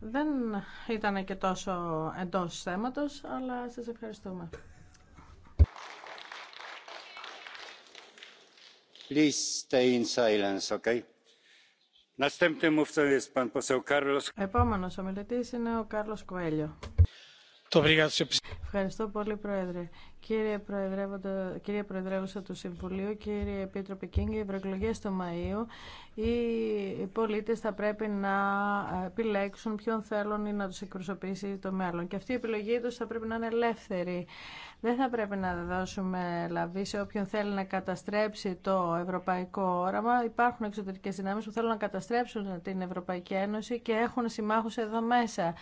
Δεν ήταν και τόσο εντός θέματος, αλλά σας ευχαριστούμε. Please stay in είναι ο Κάρλος Κουέλιο. Ευχαριστώ πολύ, Πρόεδρε. Κύριε κύριε Προεδρεύουσα του Συμβουλίου, κύριε Επίτροπε Κίνγκ, οι ευρωεκλογέ στο Μαΐο, οι πολίτε θα πρέπει να επιλέξουν ποιον θέλουν ή να του εκπροσωπήσει το μέλλον. Και αυτή η επιλογή του θα πρέπει να είναι ελεύθερη. Δεν θα πρέπει να δώσουμε λαβή σε όποιον θέλει να καταστρέψει το ευρωπαϊκό όραμα. Υπάρχουν εξωτερικέ δυνάμει που θέλουν να καταστρέψουν την Ευρωπαϊκή Ένωση και έχουν συμμάχου εδώ μέσα.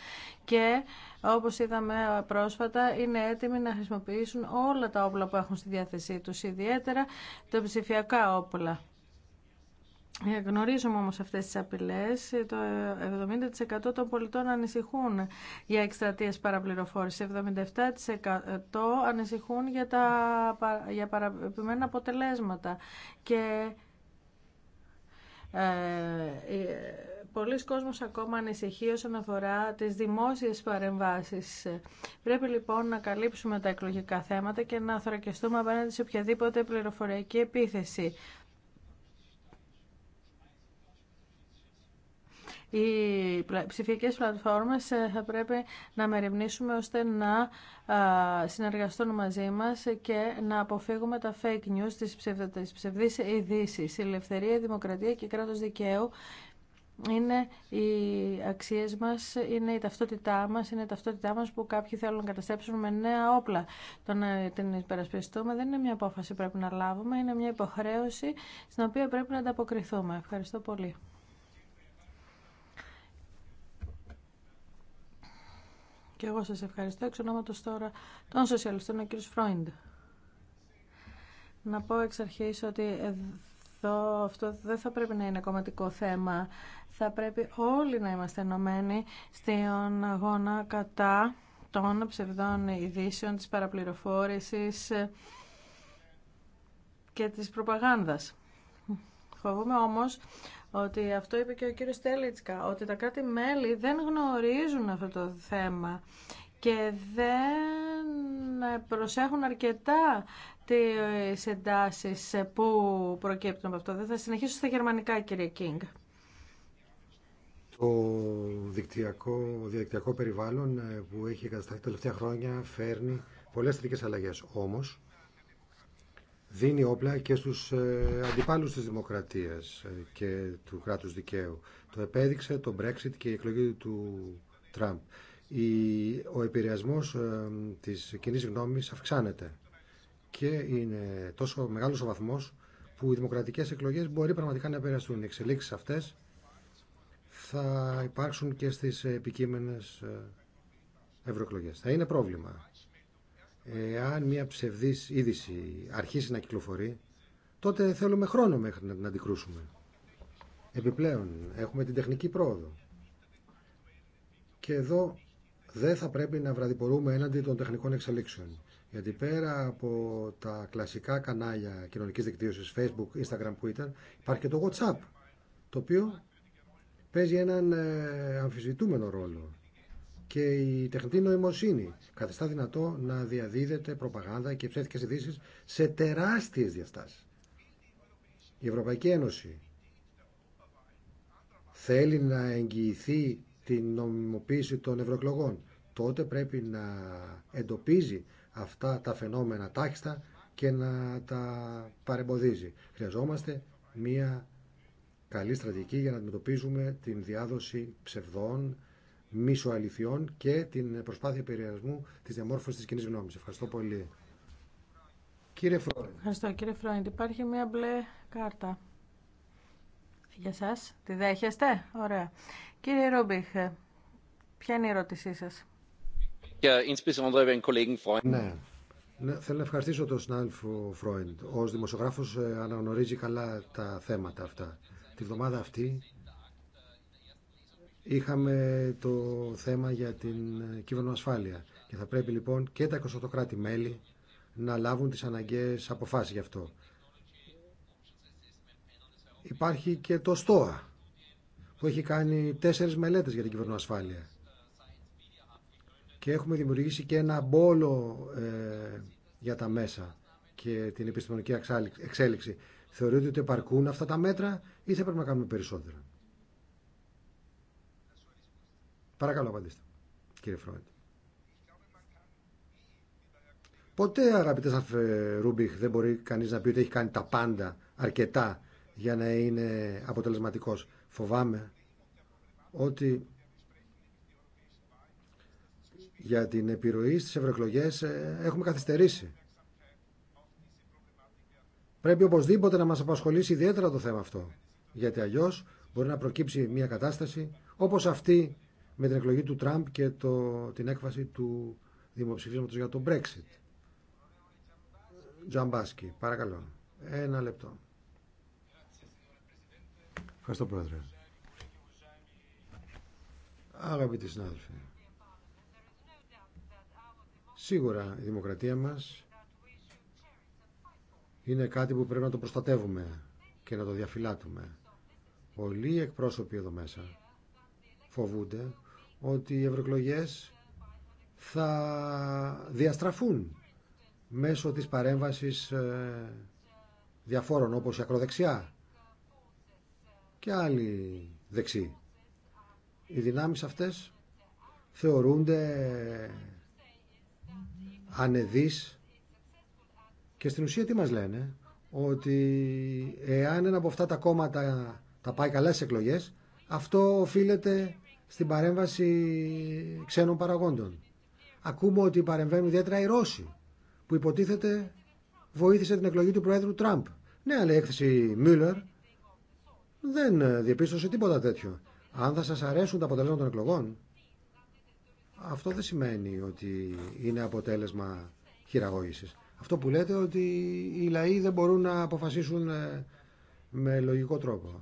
Και όπω είδαμε πρόσφατα, είναι έτοιμοι να χρησιμοποιήσουν όλα τα όπλα που έχουν στη διάθεσή τους, ιδιαίτερα τα ψηφιακά όπλα. Ε, γνωρίζουμε όμως αυτές τις απειλές. Ε, το 70% των πολιτών ανησυχούν για εκστρατείες παραπληροφόρηση. 77% ανησυχούν για, τα, για παραπημένα αποτελέσματα. Και ε, ε πολλοί κόσμος ακόμα ανησυχεί όσον αφορά τις δημόσιες παρεμβάσεις. Πρέπει λοιπόν να καλύψουμε τα εκλογικά θέματα και να θωρακιστούμε απέναντι σε οποιαδήποτε πληροφοριακή επίθεση. οι ψηφιακές πλατφόρμες ε, θα πρέπει να μεριμνήσουμε ώστε να συνεργαστούν μαζί μας και να αποφύγουμε τα fake news, τις ψευδείς ειδήσει. Η ελευθερία, η δημοκρατία και κράτος δικαίου είναι οι αξίες μας, είναι η ταυτότητά μας, είναι η ταυτότητά μας που κάποιοι θέλουν να καταστρέψουν με νέα όπλα. Το να την υπερασπιστούμε δεν είναι μια απόφαση που πρέπει να λάβουμε, είναι μια υποχρέωση στην οποία πρέπει να ανταποκριθούμε. Ευχαριστώ πολύ. Και εγώ σας ευχαριστώ. Εξ ονόματος τώρα των σοσιαλιστών, ο κ. Φρόιντ. Να πω εξ ότι αυτό, δεν θα πρέπει να είναι κομματικό θέμα. Θα πρέπει όλοι να είμαστε ενωμένοι στην αγώνα κατά των ψευδών ειδήσεων, της παραπληροφόρησης και της προπαγάνδας. Φοβούμαι όμως ότι αυτό είπε και ο κύριος Τέλιτσκα, ότι τα κράτη-μέλη δεν γνωρίζουν αυτό το θέμα και δεν προσέχουν αρκετά τις εντάσεις που προκύπτουν από αυτό. Δεν θα συνεχίσω στα γερμανικά, κύριε Κίνγκ. Το διαδικτυακό περιβάλλον ε, που έχει κατασταθεί τα τελευταία χρόνια φέρνει πολλές θετικές αλλαγές. Όμως, δίνει όπλα και στους ε, αντιπάλους της δημοκρατίας ε, και του κράτους δικαίου. Το επέδειξε το Brexit και η εκλογή του Τραμπ ο επηρεασμός ε, της κοινή γνώμης αυξάνεται και είναι τόσο μεγάλος ο βαθμός που οι δημοκρατικές εκλογές μπορεί πραγματικά να επηρεαστούν. Οι εξελίξεις αυτές θα υπάρξουν και στις επικείμενες ε, ευρωεκλογές. Θα είναι πρόβλημα. Εάν μια ψευδής είδηση αρχίσει να κυκλοφορεί, τότε θέλουμε χρόνο μέχρι να την αντικρούσουμε. Επιπλέον, έχουμε την τεχνική πρόοδο. Και εδώ δεν θα πρέπει να βραδιπορούμε έναντι των τεχνικών εξελίξεων. Γιατί πέρα από τα κλασικά κανάλια κοινωνική δικτύωση, Facebook, Instagram, Twitter, υπάρχει και το WhatsApp, το οποίο παίζει έναν ε, αμφισβητούμενο ρόλο. Και η τεχνητή νοημοσύνη καθιστά δυνατό να διαδίδεται προπαγάνδα και ψεύτικε ειδήσει σε τεράστιες διαστάσει. Η Ευρωπαϊκή Ένωση θέλει να εγγυηθεί την νομιμοποίηση των ευρωεκλογών. Τότε πρέπει να εντοπίζει αυτά τα φαινόμενα τάχιστα και να τα παρεμποδίζει. Χρειαζόμαστε μία καλή στρατηγική για να αντιμετωπίζουμε την διάδοση ψευδών, μισοαληθιών και την προσπάθεια περιορισμού της διαμόρφωσης της κοινή γνώμη. Ευχαριστώ πολύ. Κύριε Ευχαριστώ κύριε Υπάρχει μία κάρτα για σας. Τη δέχεστε. Ωραία. Κύριε Ρούμπιχ, ποια είναι η ερώτησή σας. Ναι. ναι. Θέλω να ευχαριστήσω τον συνάδελφο Φρόιντ. Ω δημοσιογράφο ε, αναγνωρίζει καλά τα θέματα αυτά. Τη βδομάδα αυτή είχαμε το θέμα για την ε, ασφάλεια. και θα πρέπει λοιπόν και τα 28 κράτη-μέλη να λάβουν τις αναγκαίες αποφάσεις γι' αυτό. Υπάρχει και το ΣΤΟΑ που έχει κάνει τέσσερις μελέτες για την κυβερνοασφάλεια. Και έχουμε δημιουργήσει και ένα μπόλο ε, για τα μέσα και την επιστημονική εξέλιξη. Θεωρείτε ότι επαρκούν αυτά τα μέτρα ή θα πρέπει να κάνουμε περισσότερα. Παρακαλώ απαντήστε, κύριε Φρόντ. Ποτέ, αγαπητέ ε, Ρούμπιχ, δεν μπορεί κανείς να πει ότι έχει κάνει τα πάντα αρκετά για να είναι αποτελεσματικός. Φοβάμαι ότι για την επιρροή στις ευρωεκλογέ ε, έχουμε καθυστερήσει. Πρέπει οπωσδήποτε να μας απασχολήσει ιδιαίτερα το θέμα αυτό. Γιατί αλλιώς μπορεί να προκύψει μια κατάσταση όπως αυτή με την εκλογή του Τραμπ και το, την έκφαση του δημοψηφίσματος για το Brexit. Τζαμπάσκι, παρακαλώ. Ένα λεπτό. Ευχαριστώ Πρόεδρε. Αγαπητοί συνάδελφοι, σίγουρα η δημοκρατία μας είναι κάτι που πρέπει να το προστατεύουμε και να το διαφυλάτουμε. Πολλοί εκπρόσωποι εδώ μέσα φοβούνται ότι οι ευρωεκλογέ θα διαστραφούν μέσω της παρέμβασης ε, διαφόρων όπως η ακροδεξιά και άλλοι δεξιοί. Οι δυνάμεις αυτές θεωρούνται ανεδείς και στην ουσία τι μας λένε ότι εάν ένα από αυτά τα κόμματα τα πάει καλά στις εκλογές αυτό οφείλεται στην παρέμβαση ξένων παραγόντων. Ακούμε ότι παρεμβαίνουν ιδιαίτερα οι Ρώσοι που υποτίθεται βοήθησε την εκλογή του Πρόεδρου Τραμπ. Ναι, αλλά η έκθεση Μίλλερ δεν ε, διαπίστωσε τίποτα τέτοιο. Αν θα σας αρέσουν τα αποτελέσματα των εκλογών, αυτό δεν σημαίνει ότι είναι αποτέλεσμα χειραγώγησης. Αυτό που λέτε ότι οι λαοί δεν μπορούν να αποφασίσουν ε, με λογικό τρόπο.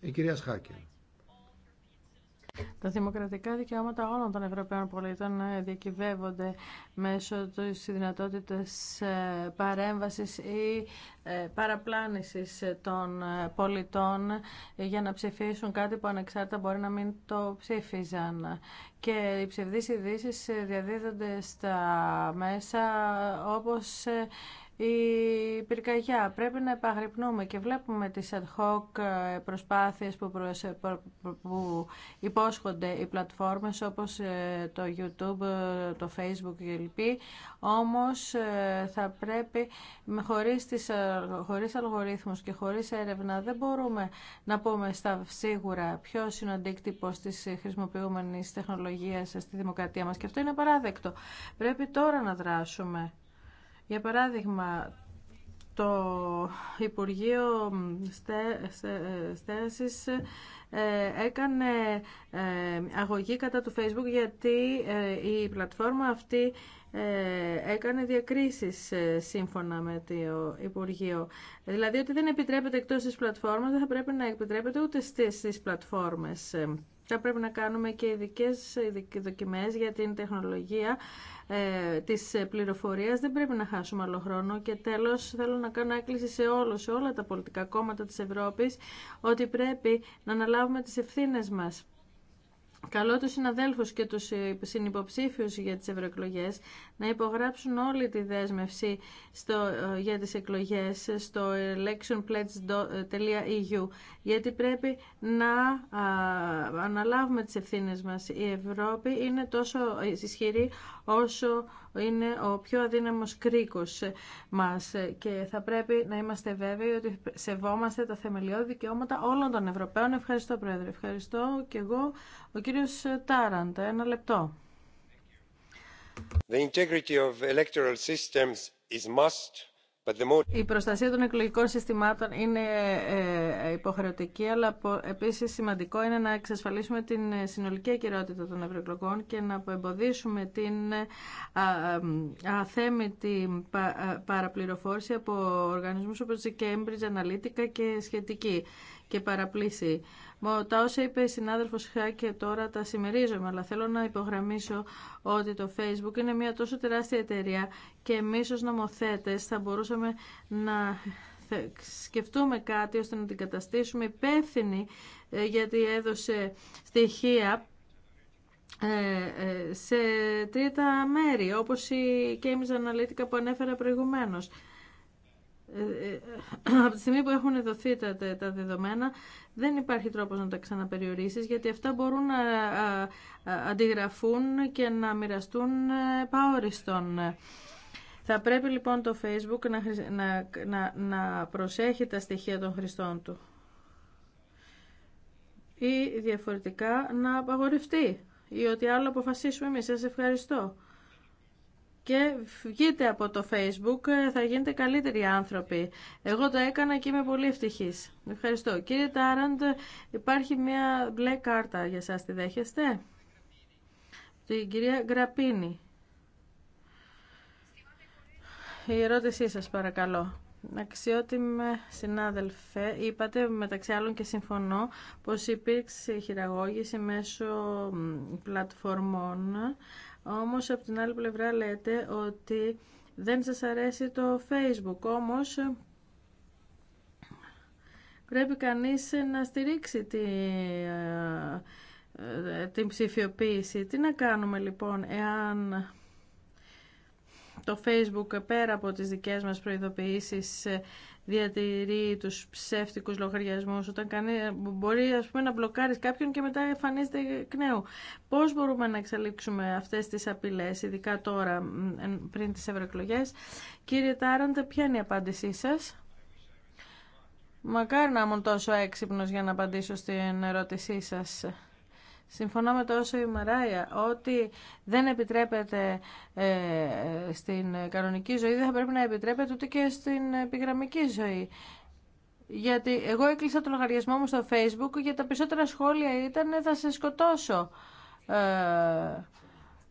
Η κυρία Σχάκη. Τα δημοκρατικά δικαιώματα όλων των Ευρωπαίων πολιτών ε, διακυβεύονται μέσω της δυνατότητας ε, παρέμβασης ή ε, παραπλάνησης των πολιτών για να ψηφίσουν κάτι που ανεξάρτητα μπορεί να μην το ψήφιζαν. Και οι ψευδείς ειδήσει διαδίδονται στα μέσα όπως η πυρκαγιά. Πρέπει να επαγρυπνούμε και βλέπουμε τις ad hoc ε, προσπάθειες που, που υπόσχονται οι πλατφόρμες όπως ε, το YouTube, ε, το Facebook κλπ. Όμως θα πρέπει χωρίς, τις, χωρίς αλγορίθμους και χωρίς έρευνα δεν μπορούμε να πούμε στα σίγουρα ποιο είναι ο αντίκτυπο της χρησιμοποιούμενης τεχνολογίας στη δημοκρατία μας και αυτό είναι παράδεκτο. Πρέπει τώρα να δράσουμε. Για παράδειγμα, το Υπουργείο Στέασης ε, έκανε ε, αγωγή κατά του Facebook γιατί ε, η πλατφόρμα αυτή έκανε διακρίσεις σύμφωνα με το Υπουργείο. Δηλαδή ότι δεν επιτρέπεται εκτός της πλατφόρμας, δεν θα πρέπει να επιτρέπεται ούτε στις πλατφόρμες θα πρέπει να κάνουμε και ειδικέ δοκιμές για την τεχνολογία ε, της πληροφορίας. Δεν πρέπει να χάσουμε άλλο χρόνο. Και τέλος θέλω να κάνω έκκληση σε όλους, σε όλα τα πολιτικά κόμματα της Ευρώπης, ότι πρέπει να αναλάβουμε τις ευθύνες μας. Καλώ τους συναδέλφους και τους ε, συνυποψήφιους για τις ευρωεκλογέ να υπογράψουν όλη τη δέσμευση στο, ε, για τις εκλογές στο electionpledge.eu ε, γιατί πρέπει να αναλάβουμε τις ευθύνες μας. Η Ευρώπη είναι τόσο ισχυρή όσο είναι ο πιο αδύναμος κρίκος μας και θα πρέπει να είμαστε βέβαιοι ότι σεβόμαστε τα θεμελιώδη δικαιώματα όλων των Ευρωπαίων. Ευχαριστώ Πρόεδρε. Ευχαριστώ και εγώ. Ο κύριος Τάραντα, ένα λεπτό. The integrity of electoral systems is must η προστασία των εκλογικών συστημάτων είναι ε, υποχρεωτική, αλλά επίσης σημαντικό είναι να εξασφαλίσουμε την ε, συνολική ακυρότητα των ευρωεκλογών και να εμποδίσουμε την ε, αθέμητη παραπληροφόρηση από οργανισμούς όπως η Cambridge Analytica και σχετική και παραπλήση. Τα όσα είπε η συνάδελφος Χάκη τώρα τα συμμερίζομαι, αλλά θέλω να υπογραμμίσω ότι το Facebook είναι μια τόσο τεράστια εταιρεία και εμείς ως νομοθέτες θα μπορούσαμε να σκεφτούμε κάτι ώστε να την καταστήσουμε υπεύθυνη ε, γιατί έδωσε στοιχεία ε, ε, σε τρίτα μέρη, όπως η Cambridge Analytica που ανέφερα προηγουμένως. Ε, ε, ε, από τη στιγμή που έχουν δοθεί τα, τα, δεδομένα δεν υπάρχει τρόπος να τα ξαναπεριορίσεις γιατί αυτά μπορούν να αντιγραφούν και να μοιραστούν παόριστον. Θα πρέπει λοιπόν το Facebook να, να προσέχει τα στοιχεία των χρηστών του ή διαφορετικά να απαγορευτεί ή ότι άλλο αποφασίσουμε εμείς. Σας ευχαριστώ και βγείτε από το facebook, θα γίνετε καλύτεροι άνθρωποι. Εγώ το έκανα και είμαι πολύ ευτυχής. Ευχαριστώ. Κύριε Τάραντ, υπάρχει μια μπλε κάρτα για σας, τη δέχεστε? Την κυρία Γκραπίνη. Η ερώτησή σας παρακαλώ. Αξιότιμε συνάδελφε, είπατε μεταξύ άλλων και συμφωνώ πως υπήρξε χειραγώγηση μέσω πλατφορμών όμως από την άλλη πλευρά λέτε ότι δεν σας αρέσει το Facebook. Όμως πρέπει κανείς να στηρίξει ε, ε, την ψηφιοποίηση. Τι να κάνουμε λοιπόν εάν το Facebook πέρα από τις δικές μας προειδοποιήσεις ε, διατηρεί τους ψεύτικους λογαριασμούς όταν κάνει, μπορεί ας πούμε, να μπλοκάρεις κάποιον και μετά εμφανίζεται εκ νέου. Πώς μπορούμε να εξελίξουμε αυτές τις απειλές, ειδικά τώρα πριν τις ευρωεκλογέ. Κύριε Τάραντα, ποια είναι η απάντησή σας. Μακάρι να ήμουν τόσο έξυπνος για να απαντήσω στην ερώτησή σας. Συμφωνώ με το όσο η Μαράια, ότι δεν επιτρέπεται ε, στην κανονική ζωή, δεν θα πρέπει να επιτρέπεται ούτε και στην επιγραμμική ζωή. Γιατί εγώ έκλεισα το λογαριασμό μου στο Facebook και τα περισσότερα σχόλια ήταν «θα σε σκοτώσω». Ε,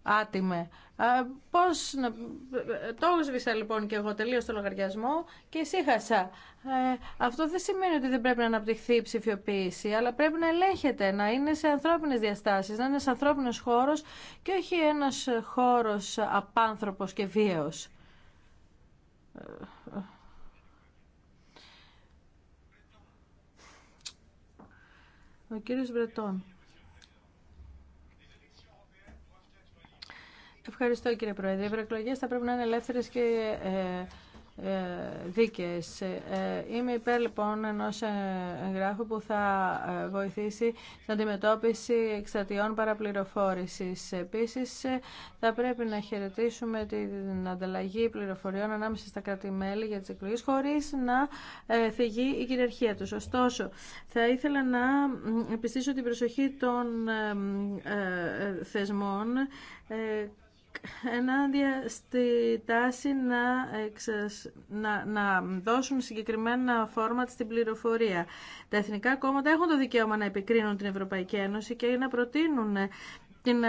άτιμε. Πώς... Το έσβησα λοιπόν και εγώ τελείω το λογαριασμό και εισήχασα. Ε, αυτό δεν σημαίνει ότι δεν πρέπει να αναπτυχθεί η ψηφιοποίηση, αλλά πρέπει να ελέγχεται, να είναι σε ανθρώπινες διαστάσεις, να είναι σε ανθρώπινος χώρος και όχι ένας χώρος απάνθρωπος και βίαιος. Ε, ε. Ο κύριος Βρετών. Ευχαριστώ κύριε Πρόεδρε. Οι ευρωεκλογέ θα πρέπει να είναι ελεύθερε και ε, ε, δίκαιες. Ε, είμαι υπέρ λοιπόν ενό εγγράφου που θα βοηθήσει στην αντιμετώπιση εξτατιών παραπληροφόρησης. Επίσης θα πρέπει να χαιρετήσουμε την ανταλλαγή πληροφοριών ανάμεσα στα κράτη-μέλη για τι εκλογέ, χωρί να θυγεί η κυριαρχία του. Ωστόσο, θα ήθελα να επιστήσω την προσοχή των θεσμών ενάντια στη τάση να, να, να δώσουν συγκεκριμένα φόρματ στην πληροφορία. Τα εθνικά κόμματα έχουν το δικαίωμα να επικρίνουν την Ευρωπαϊκή Ένωση και να προτείνουν την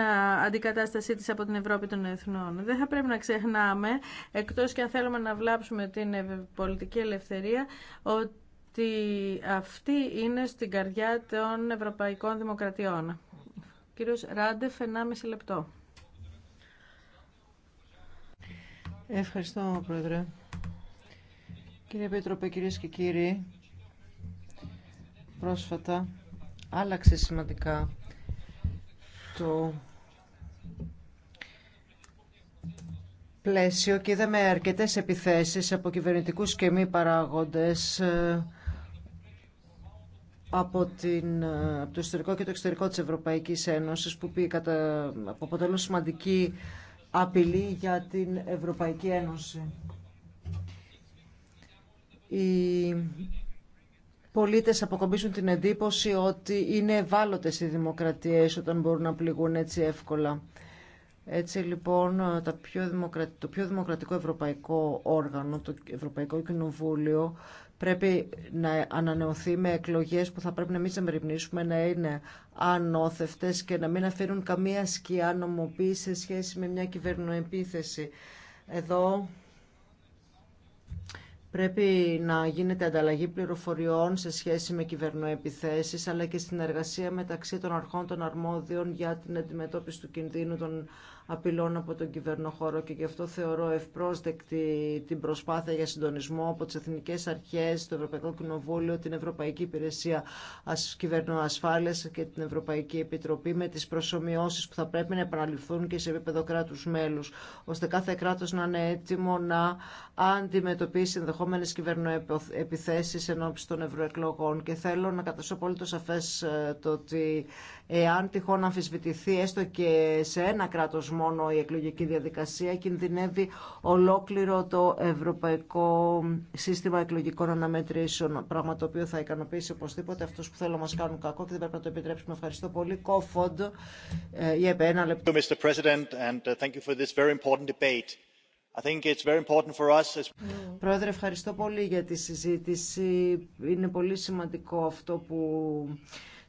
αντικατάστασή της από την Ευρώπη των Εθνών. Δεν θα πρέπει να ξεχνάμε, εκτός και αν θέλουμε να βλάψουμε την πολιτική ελευθερία, ότι αυτή είναι στην καρδιά των ευρωπαϊκών δημοκρατιών. Κύριος Ράντεφ, 1,5 λεπτό. Ευχαριστώ, Πρόεδρε. Κύριε Πέτροπε, κυρίες και κύριοι, πρόσφατα άλλαξε σημαντικά το πλαίσιο και είδαμε αρκετές επιθέσεις από κυβερνητικούς και μη παράγοντες ε, από, την, ε, από το ιστορικό και το εξωτερικό της Ευρωπαϊκής Ένωσης που, πει, κατα, αποτελούν σημαντική απειλή για την Ευρωπαϊκή Ένωση. Οι πολίτες αποκομπήσουν την εντύπωση ότι είναι ευάλωτες οι δημοκρατίες όταν μπορούν να πληγούν έτσι εύκολα. Έτσι λοιπόν τα πιο το πιο δημοκρατικό ευρωπαϊκό όργανο, το Ευρωπαϊκό Κοινοβούλιο, πρέπει να ανανεωθεί με εκλογές που θα πρέπει να μην σεμεριμνήσουμε να είναι ανώθευτες και να μην αφήνουν καμία σκιά νομοποίηση σε σχέση με μια κυβερνοεπίθεση. Εδώ πρέπει να γίνεται ανταλλαγή πληροφοριών σε σχέση με κυβερνοεπιθέσεις αλλά και συνεργασία μεταξύ των αρχών των αρμόδιων για την αντιμετώπιση του κινδύνου των απειλών από τον κυβερνοχώρο και γι' αυτό θεωρώ ευπρόσδεκτη την προσπάθεια για συντονισμό από τις Εθνικές Αρχές, το Ευρωπαϊκό Κοινοβούλιο, την Ευρωπαϊκή Υπηρεσία Κυβερνοασφάλειας και την Ευρωπαϊκή Επιτροπή με τις προσωμιώσεις που θα πρέπει να επαναληφθούν και σε επίπεδο κράτους μέλους, ώστε κάθε κράτος να είναι έτοιμο να αντιμετωπίσει ενδεχόμενε κυβερνοεπιθέσεις εν των ευρωεκλογών. Και θέλω να καταστώ πολύ το σαφές ε, το ότι εάν τυχόν αμφισβητηθεί έστω και σε ένα κράτος μόνο η εκλογική διαδικασία, κινδυνεύει ολόκληρο το ευρωπαϊκό σύστημα εκλογικών αναμετρήσεων. Πράγμα το οποίο θα ικανοποιήσει οπωσδήποτε αυτού που θέλουν να μα κάνουν κακό και δεν πρέπει να το επιτρέψουμε. Ευχαριστώ πολύ. Κόφοντ, για ε, ένα λεπτό. Πρόεδρε, ευχαριστώ πολύ για τη συζήτηση. Είναι πολύ σημαντικό αυτό που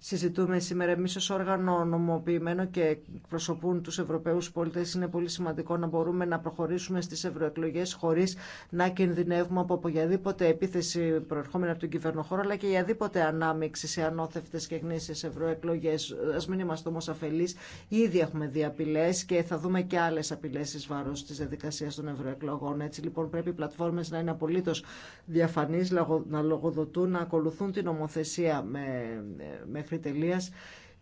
συζητούμε σήμερα εμεί ω όργανο νομοποιημένο και προσωπούν του Ευρωπαίου πολίτε, είναι πολύ σημαντικό να μπορούμε να προχωρήσουμε στι ευρωεκλογέ χωρί να κινδυνεύουμε από οποιαδήποτε επίθεση προερχόμενη από τον κυβερνοχώρο, αλλά και οποιαδήποτε ανάμειξη σε ανώθευτε και γνήσιε ευρωεκλογέ. Α μην είμαστε όμω αφελεί. Ήδη έχουμε δει απειλέ και θα δούμε και άλλε απειλέ ει βάρο τη διαδικασία των ευρωεκλογών. Έτσι λοιπόν πρέπει οι πλατφόρμε να είναι απολύτω διαφανεί, να λογοδοτούν, να ακολουθούν την νομοθεσία με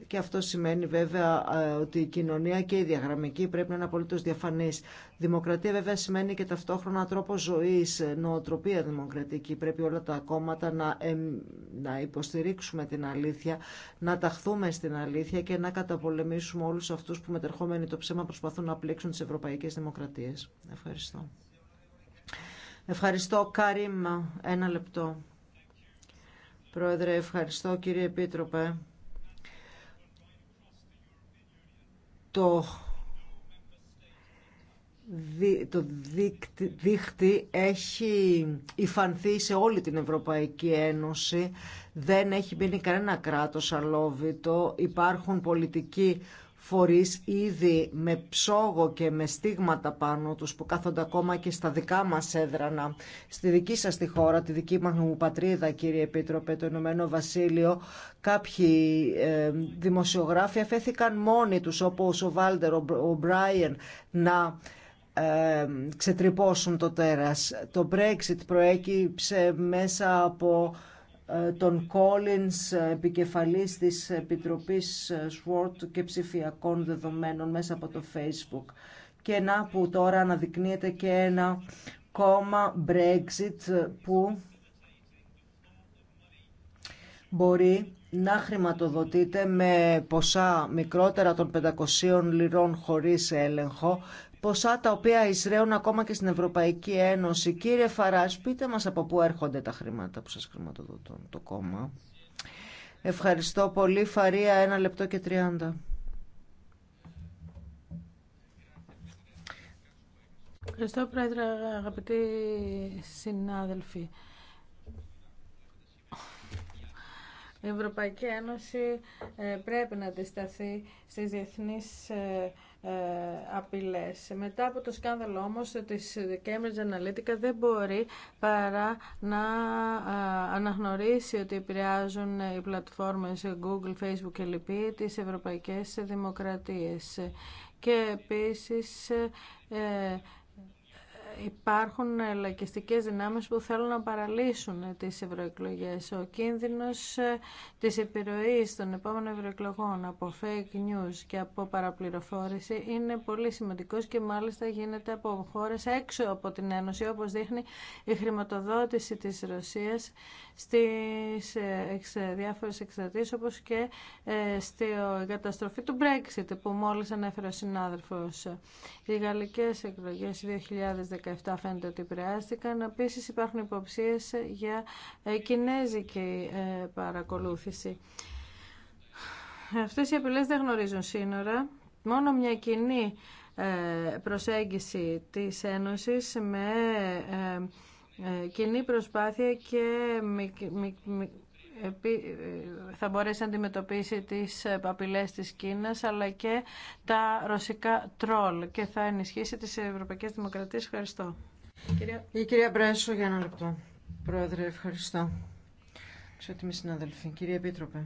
και αυτό σημαίνει βέβαια ότι η κοινωνία και η διαγραμμική πρέπει να είναι απολύτω διαφανής. Δημοκρατία βέβαια σημαίνει και ταυτόχρονα τρόπο ζωής νοοτροπία δημοκρατική. Πρέπει όλα τα κόμματα να, να υποστηρίξουμε την αλήθεια, να ταχθούμε στην αλήθεια και να καταπολεμήσουμε όλους αυτούς που μετερχόμενοι το ψέμα προσπαθούν να πλήξουν τις ευρωπαϊκές δημοκρατίες. Ευχαριστώ. Ευχαριστώ, Κάριμ. Ένα λεπτό. Πρόεδρε, ευχαριστώ κύριε Επίτροπε. Το το δίχτυ έχει υφανθεί σε όλη την Ευρωπαϊκή Ένωση. Δεν έχει μπει κανένα κράτος αλόβητο. Υπάρχουν πολιτικοί φορείς ήδη με ψόγο και με στίγματα πάνω τους που κάθονται ακόμα και στα δικά μας έδρανα. Στη δική σας τη χώρα, τη δική μας πατρίδα κύριε Επίτροπε, το Ηνωμένο Βασίλειο, κάποιοι ε, δημοσιογράφοι αφέθηκαν μόνοι τους όπως ο Βάλτερ, ο Μπράιεν να ε, ξετρυπώσουν το τέρας. Το Brexit προέκυψε μέσα από ε, τον Collins, ε, επικεφαλής της Επιτροπής Σουόρτ ε, και ψηφιακών δεδομένων μέσα από το Facebook. Και να που τώρα αναδεικνύεται και ένα κόμμα Brexit που μπορεί να χρηματοδοτείται με ποσά μικρότερα των 500 λιρών χωρίς έλεγχο ποσά τα οποία εισραίουν ακόμα και στην Ευρωπαϊκή Ένωση. Κύριε Φαράς, πείτε μας από πού έρχονται τα χρήματα που σας χρηματοδοτούν το κόμμα. Ευχαριστώ πολύ. Φαρία, ένα λεπτό και τριάντα. Ευχαριστώ, Πρόεδρε, αγαπητοί συνάδελφοι. Η Ευρωπαϊκή Ένωση ε, πρέπει να αντισταθεί στις διεθνείς ε, ε, απειλές. Μετά από το σκάνδαλο όμως της Cambridge Analytica δεν μπορεί παρά να ε, αναγνωρίσει ότι επηρεάζουν οι πλατφόρμες Google, Facebook και λοιποί τις ευρωπαϊκές δημοκρατίες. Και επίσης ε, υπάρχουν λαϊκιστικές δυνάμεις που θέλουν να παραλύσουν τις ευρωεκλογέ. Ο κίνδυνος ε, της επιρροής των επόμενων ευρωεκλογών από fake news και από παραπληροφόρηση είναι πολύ σημαντικός και μάλιστα γίνεται από χώρες έξω από την Ένωση, όπως δείχνει η χρηματοδότηση της Ρωσίας στις ε, διάφορες εξαρτήσεις όπως και ε, στη καταστροφή του Brexit που μόλις ανέφερε ο συνάδελφος. Οι γαλλικές εκλογές 2014 αυτά φαίνεται ότι επηρεάστηκαν. Επίση υπάρχουν υποψίες για ε, κινέζικη ε, παρακολούθηση. Αυτές οι απειλές δεν γνωρίζουν σύνορα. Μόνο μια κοινή ε, προσέγγιση της Ένωσης με κοινή προσπάθεια και θα μπορέσει να αντιμετωπίσει τις ε, απειλές της Κίνας αλλά και τα ρωσικά τρόλ και θα ενισχύσει τις ευρωπαϊκές δημοκρατίες. Ευχαριστώ. Η κυρία Μπρέσο για ένα λεπτό. Πρόεδρε, ευχαριστώ. Ξέτοιμοι συναδελφοί. Κυρία Επίτροπε.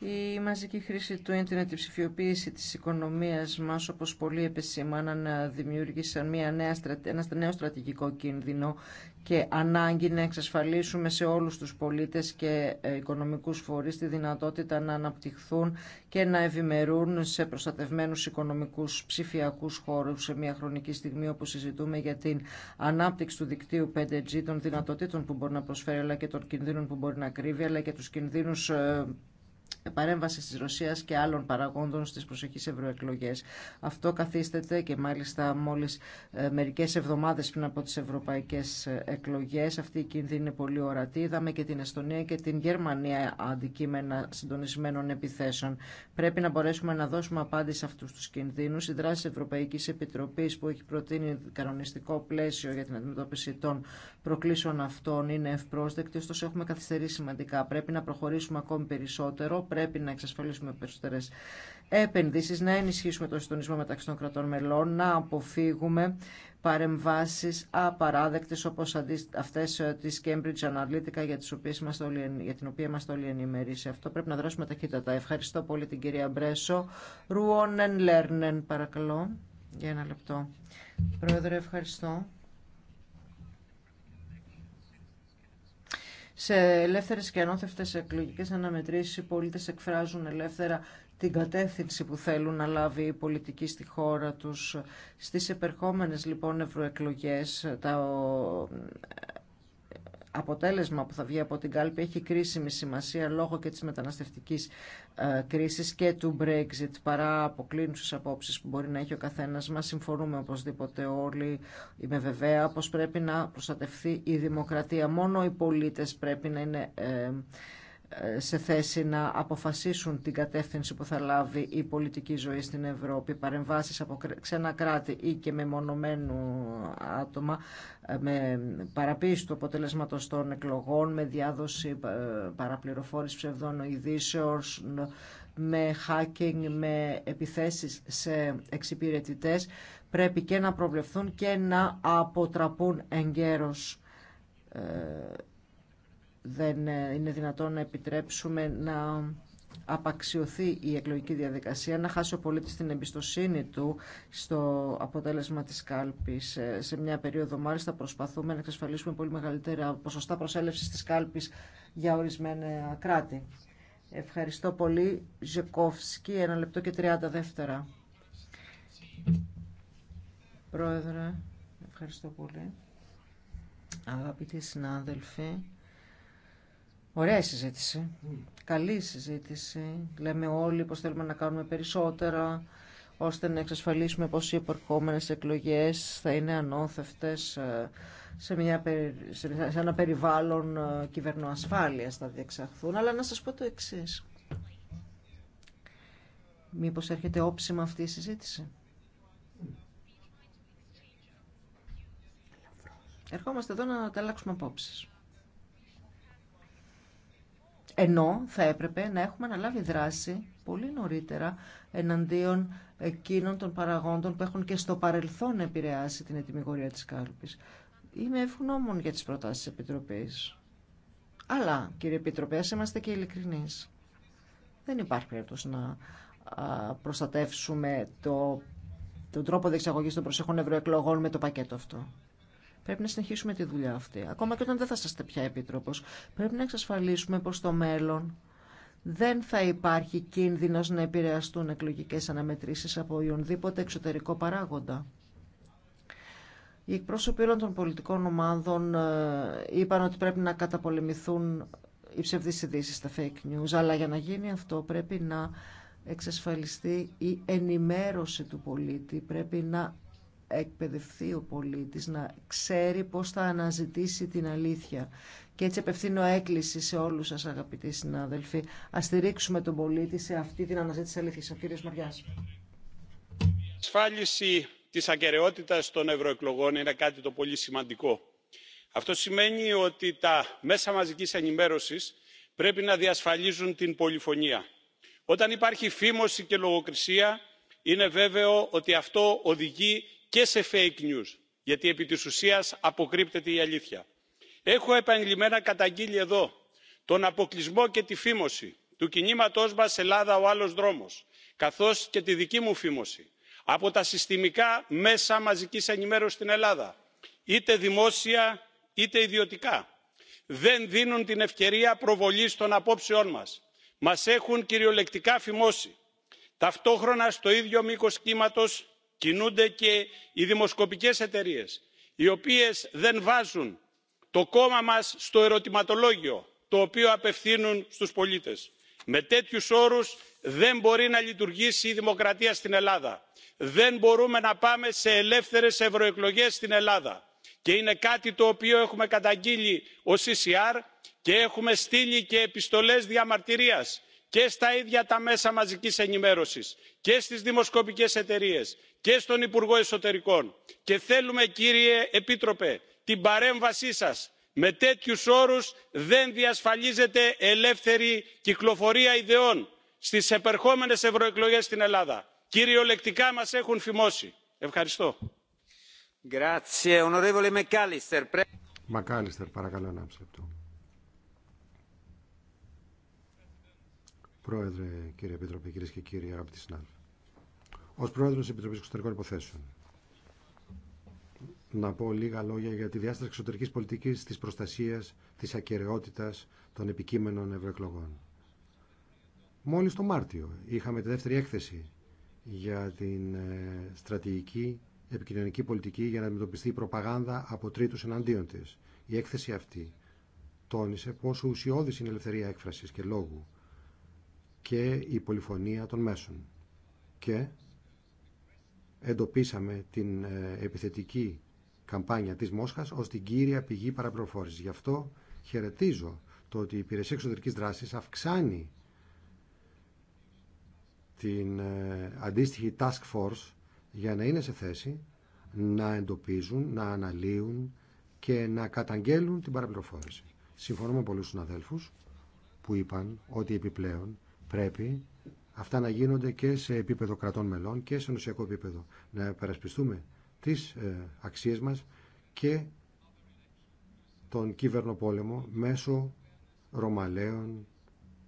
Η μαζική χρήση του ίντερνετ, η ψηφιοποίηση της οικονομίας μας, όπως πολλοί επεσήμαναν, δημιούργησαν μια νέα, ένα νέο στρατηγικό κίνδυνο και ανάγκη να εξασφαλίσουμε σε όλους τους πολίτες και ε, οικονομικούς φορείς τη δυνατότητα να αναπτυχθούν και να ευημερούν σε προστατευμένους οικονομικούς ψηφιακούς χώρους σε μια χρονική στιγμή όπου συζητούμε για την ανάπτυξη του δικτύου 5G, των δυνατοτήτων που μπορεί να προσφέρει αλλά και των κινδύνων που μπορεί να κρύβει αλλά και τους κινδύνους ε, παρέμβαση της Ρωσίας και άλλων παραγόντων στις προσεχείς ευρωεκλογέ. Αυτό καθίσταται και μάλιστα μόλις ε, μερικές εβδομάδες πριν από τις ευρωπαϊκές ε, εκλογές. Αυτή η κίνδυνη είναι πολύ ορατή. Είδαμε και την Εστονία και την Γερμανία αντικείμενα συντονισμένων επιθέσεων. Πρέπει να μπορέσουμε να δώσουμε απάντηση σε αυτούς τους κινδύνους. Η δράση της Ευρωπαϊκής Επιτροπής που έχει προτείνει κανονιστικό πλαίσιο για την αντιμετώπιση των προκλήσεων αυτών είναι ευπρόσδεκτη, ωστόσο έχουμε καθυστερήσει σημαντικά. Πρέπει να προχωρήσουμε ακόμη περισσότερο Πρέπει να εξασφαλίσουμε περισσότερες επενδύσεις, να ενισχύσουμε το συντονισμό μεταξύ των κρατών μελών, να αποφύγουμε παρεμβάσεις απαράδεκτες όπως αυτές ε, της Cambridge Analytica για, τις οποίες όλοι, για την οποία είμαστε όλοι ενημεροί. αυτό πρέπει να δράσουμε ταχύτατα. Ευχαριστώ πολύ την κυρία Μπρέσο. Ρουόνεν Λέρνεν, παρακαλώ, για ένα λεπτό. Πρόεδρε, ευχαριστώ. Σε ελεύθερε και ανώθευτε εκλογικέ αναμετρήσει, οι πολίτε εκφράζουν ελεύθερα την κατεύθυνση που θέλουν να λάβει η πολιτική στη χώρα τους. Στις επερχόμενες λοιπόν ευρωεκλογές τα αποτέλεσμα που θα βγει από την κάλπη έχει κρίσιμη σημασία λόγω και της μεταναστευτικής ε, κρίσης και του Brexit παρά αποκλίνουσες απόψεις που μπορεί να έχει ο καθένας μας. Συμφωνούμε οπωσδήποτε όλοι, είμαι βεβαία, πως πρέπει να προστατευτεί η δημοκρατία. Μόνο οι πολίτες πρέπει να είναι ε, σε θέση να αποφασίσουν την κατεύθυνση που θα λάβει η πολιτική ζωή στην Ευρώπη. Παρεμβάσεις από ξένα κράτη ή και με μονομένου άτομα, ε, με παραποίηση του αποτελέσματος των εκλογών, με διάδοση ε, παραπληροφόρηση ψευδών ειδήσεων, με hacking, με επιθέσεις σε εξυπηρετητές, πρέπει και να προβλεφθούν και να αποτραπούν εγκαίρως ε, δεν ε, είναι δυνατόν να επιτρέψουμε να απαξιωθεί η εκλογική διαδικασία, να χάσει ο πολίτης την εμπιστοσύνη του στο αποτέλεσμα της κάλπης. Ε, σε μια περίοδο μάλιστα προσπαθούμε να εξασφαλίσουμε πολύ μεγαλύτερα ποσοστά προσέλευσης της κάλπης για ορισμένα κράτη. Ευχαριστώ πολύ. Ζεκόφσκι, ένα λεπτό και 30 δεύτερα. Πρόεδρε, ευχαριστώ πολύ. Αγαπητοί συνάδελφοι, Ωραία συζήτηση. Καλή συζήτηση. Λέμε όλοι πως θέλουμε να κάνουμε περισσότερα ώστε να εξασφαλίσουμε πως οι επερχόμενες εκλογές θα είναι ανώθευτες ε, σε, μια, σε ένα περιβάλλον ε, κυβερνοασφάλειας θα διεξαχθούν. Αλλά να σας πω το εξή. Μήπως έρχεται όψιμα αυτή η συζήτηση. Ερχόμαστε εδώ να ανταλλάξουμε απόψεις ενώ θα έπρεπε να έχουμε αναλάβει δράση πολύ νωρίτερα εναντίον εκείνων των παραγόντων που έχουν και στο παρελθόν επηρεάσει την ετοιμιγωρία της κάλπης. Είμαι ευγνώμων για τις προτάσεις της Επιτροπής. Αλλά, κύριε Επιτροπέ, είμαστε και ειλικρινεί. Δεν υπάρχει περίπτωση να προστατεύσουμε το, τον τρόπο διεξαγωγής των προσεχών ευρωεκλογών με το πακέτο αυτό. Πρέπει να συνεχίσουμε τη δουλειά αυτή. Ακόμα και όταν δεν θα είστε πια επίτροπο. Πρέπει να εξασφαλίσουμε πω στο μέλλον δεν θα υπάρχει κίνδυνος να επηρεαστούν εκλογικέ αναμετρήσεις από οποιονδήποτε εξωτερικό παράγοντα. Οι εκπρόσωποι όλων των πολιτικών ομάδων ε, είπαν ότι πρέπει να καταπολεμηθούν οι ψευδεί ειδήσει τα fake news, αλλά για να γίνει αυτό πρέπει να εξασφαλιστεί η ενημέρωση του πολίτη, πρέπει να εκπαιδευτεί ο πολίτης, να ξέρει πώς θα αναζητήσει την αλήθεια. Και έτσι απευθύνω έκκληση σε όλους σας αγαπητοί συνάδελφοι. Ας στηρίξουμε τον πολίτη σε αυτή την αναζήτηση αλήθειας. Ο κύριος Μαριάς. Η ασφάλιση της αγκαιρεότητας των ευρωεκλογών είναι κάτι το πολύ σημαντικό. Αυτό σημαίνει ότι τα μέσα μαζικής ενημέρωσης πρέπει να διασφαλίζουν την πολυφωνία. Όταν υπάρχει φήμωση και λογοκρισία, είναι βέβαιο ότι αυτό οδηγεί και σε fake news γιατί επί της ουσίας αποκρύπτεται η αλήθεια. έχω επανειλημμένα καταγγείλει εδώ τον αποκλεισμό και τη φήμωση του κινήματός μας ελλάδα ο άλλος δρόμος καθώς και τη δική μου φήμωση από τα συστημικά μέσα μαζικής ενημέρωσης στην ελλάδα είτε δημόσια είτε ιδιωτικά. δεν δίνουν την ευκαιρία προβολής των απόψεών μας. μας έχουν κυριολεκτικά φημώσει. ταυτόχρονα στο ίδιο μήκος κύματος κινούνται και οι δημοσκοπικές εταιρείες οι οποίες δεν βάζουν το κόμμα μας στο ερωτηματολόγιο το οποίο απευθύνουν στους πολίτες. με τέτοιους όρους δεν μπορεί να λειτουργήσει η δημοκρατία στην ελλάδα. δεν μπορούμε να πάμε σε ελεύθερες ευρωεκλογές στην ελλάδα και είναι κάτι το οποίο έχουμε καταγγείλει ως ecr και έχουμε στείλει και επιστολές διαμαρτυρίας και στα ίδια τα μέσα μαζικής ενημέρωσης και στις δημοσκοπικές εταιρείες και στον υπουργό εσωτερικών και θέλουμε κύριε επίτροπε την παρέμβασή σας. με τέτοιους όρους δεν διασφαλίζεται ελεύθερη κυκλοφορία ιδεών στις επερχόμενες ευρωεκλογές στην ελλάδα. κυριολεκτικά μας έχουν φημώσει. ευχαριστώ. Πρόεδρε, κύριε Επίτροπε, κυρίε και κύριοι, Ω πρόεδρος τη Επιτροπή Εξωτερικών Υποθέσεων, να πω λίγα λόγια για τη διάσταση εξωτερική πολιτική τη προστασία, τη ακαιρεότητα των επικείμενων ευρωεκλογών. Μόλι το Μάρτιο είχαμε τη δεύτερη έκθεση για την ε, στρατηγική επικοινωνική πολιτική για να αντιμετωπιστεί η προπαγάνδα από τρίτου εναντίον τη. Η έκθεση αυτή τόνισε πόσο ουσιώδη είναι η ελευθερία έκφραση και λόγου και η πολυφωνία των μέσων. Και εντοπίσαμε την ε, επιθετική καμπάνια της Μόσχας ως την κύρια πηγή παραπληροφόρησης. Γι' αυτό χαιρετίζω το ότι η Υπηρεσία Εξωτερικής Δράσης αυξάνει την ε, αντίστοιχη task force για να είναι σε θέση να εντοπίζουν, να αναλύουν και να καταγγέλουν την παραπληροφόρηση. Συμφωνώ με πολλούς συναδέλφους που είπαν ότι επιπλέον πρέπει αυτά να γίνονται και σε επίπεδο κρατών μελών και σε νοσιακό επίπεδο. Να επερασπιστούμε τις ε, αξίες μας και τον κύβερνο πόλεμο μέσω ρωμαλαίων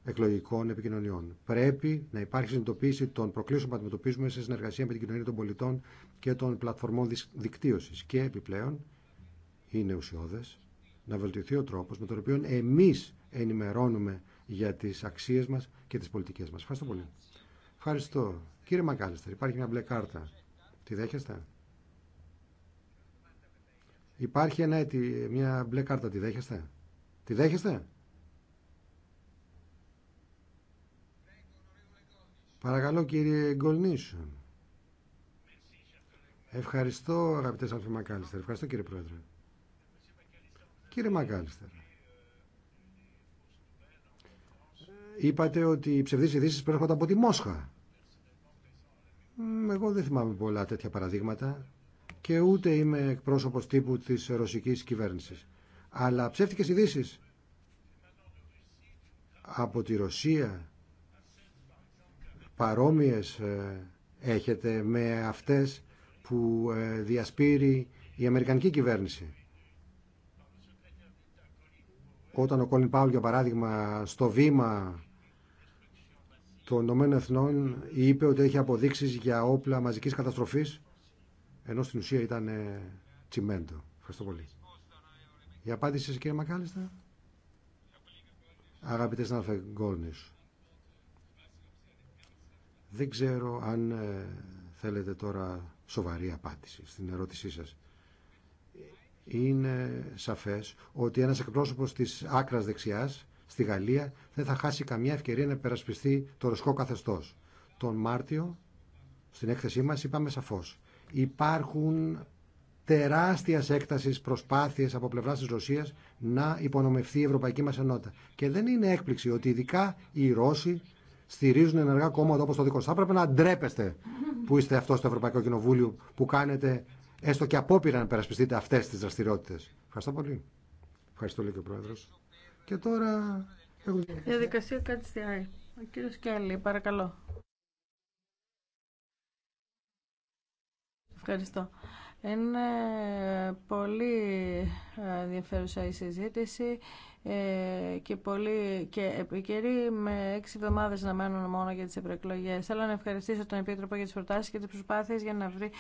εκλογικών επικοινωνιών. Πρέπει να υπάρχει συνειδητοποίηση των προκλήσεων που αντιμετωπίζουμε σε συνεργασία με την κοινωνία των πολιτών και των πλατφορμών δικτύωση. Και επιπλέον είναι ουσιώδε να βελτιωθεί ο τρόπο με τον οποίο εμεί ενημερώνουμε για τις αξίες μας και τις πολιτικές μας. Ευχαριστώ πολύ. Ευχαριστώ. Κύριε Μακάλιστερ, υπάρχει μια μπλε κάρτα. Τη δέχεστε? Υπάρχει ένα, μια μπλε κάρτα. Τη δέχεστε? Τη δέχεστε? Παρακαλώ κύριε Γκολνίσου. Ευχαριστώ αγαπητέ Αλφή Μακάλιστερ. Ευχαριστώ κύριε Πρόεδρε. Κύριε Μακάλιστερ, είπατε ότι οι ψευδείς ειδήσει προέρχονται από τη Μόσχα. Εγώ δεν θυμάμαι πολλά τέτοια παραδείγματα και ούτε είμαι εκπρόσωπος τύπου της ρωσικής κυβέρνησης. Αλλά ψεύτικες ειδήσει από τη Ρωσία παρόμοιες ε, έχετε με αυτές που ε, διασπείρει η Αμερικανική κυβέρνηση. Όταν ο Κόλλιν Πάουλ, για παράδειγμα, στο βήμα των Ηνωμένων Εθνών είπε ότι έχει αποδείξεις για όπλα μαζικής καταστροφής, ενώ στην ουσία ήταν ε, τσιμέντο. Ευχαριστώ πολύ. Η απάντηση σας κύριε Μακάλιστα. Αγαπητέ συνάδελφε δεν ξέρω αν ε, θέλετε τώρα σοβαρή απάντηση στην ερώτησή σας. Ε, είναι σαφές ότι ένας εκπρόσωπος της άκρας δεξιάς στη Γαλλία δεν θα χάσει καμιά ευκαιρία να περασπιστεί το ρωσικό καθεστώ. Τον Μάρτιο, στην έκθεσή μα, είπαμε σαφώ. Υπάρχουν τεράστια έκταση προσπάθειε από πλευρά τη Ρωσία να υπονομευθεί η ευρωπαϊκή μα ενότητα. Και δεν είναι έκπληξη ότι ειδικά οι Ρώσοι στηρίζουν ενεργά κόμματα όπω το δικό σα. Θα έπρεπε να ντρέπεστε που είστε αυτό στο Ευρωπαϊκό Κοινοβούλιο που κάνετε έστω και απόπειρα να περασπιστείτε αυτέ τι δραστηριότητε. Ευχαριστώ πολύ. Ευχαριστώ, λέει και τώρα... Διαδικασία κάτι στη Ο κύριο Κέλλη, παρακαλώ. Ευχαριστώ. Είναι πολύ ε, ενδιαφέρουσα η συζήτηση ε, και, πολύ, και επικαιρή με έξι εβδομάδε να μένουν μόνο για τι ευρωεκλογέ. Θέλω να ευχαριστήσω τον Επίτροπο για τι προτάσει και τι προσπάθειε για να βρει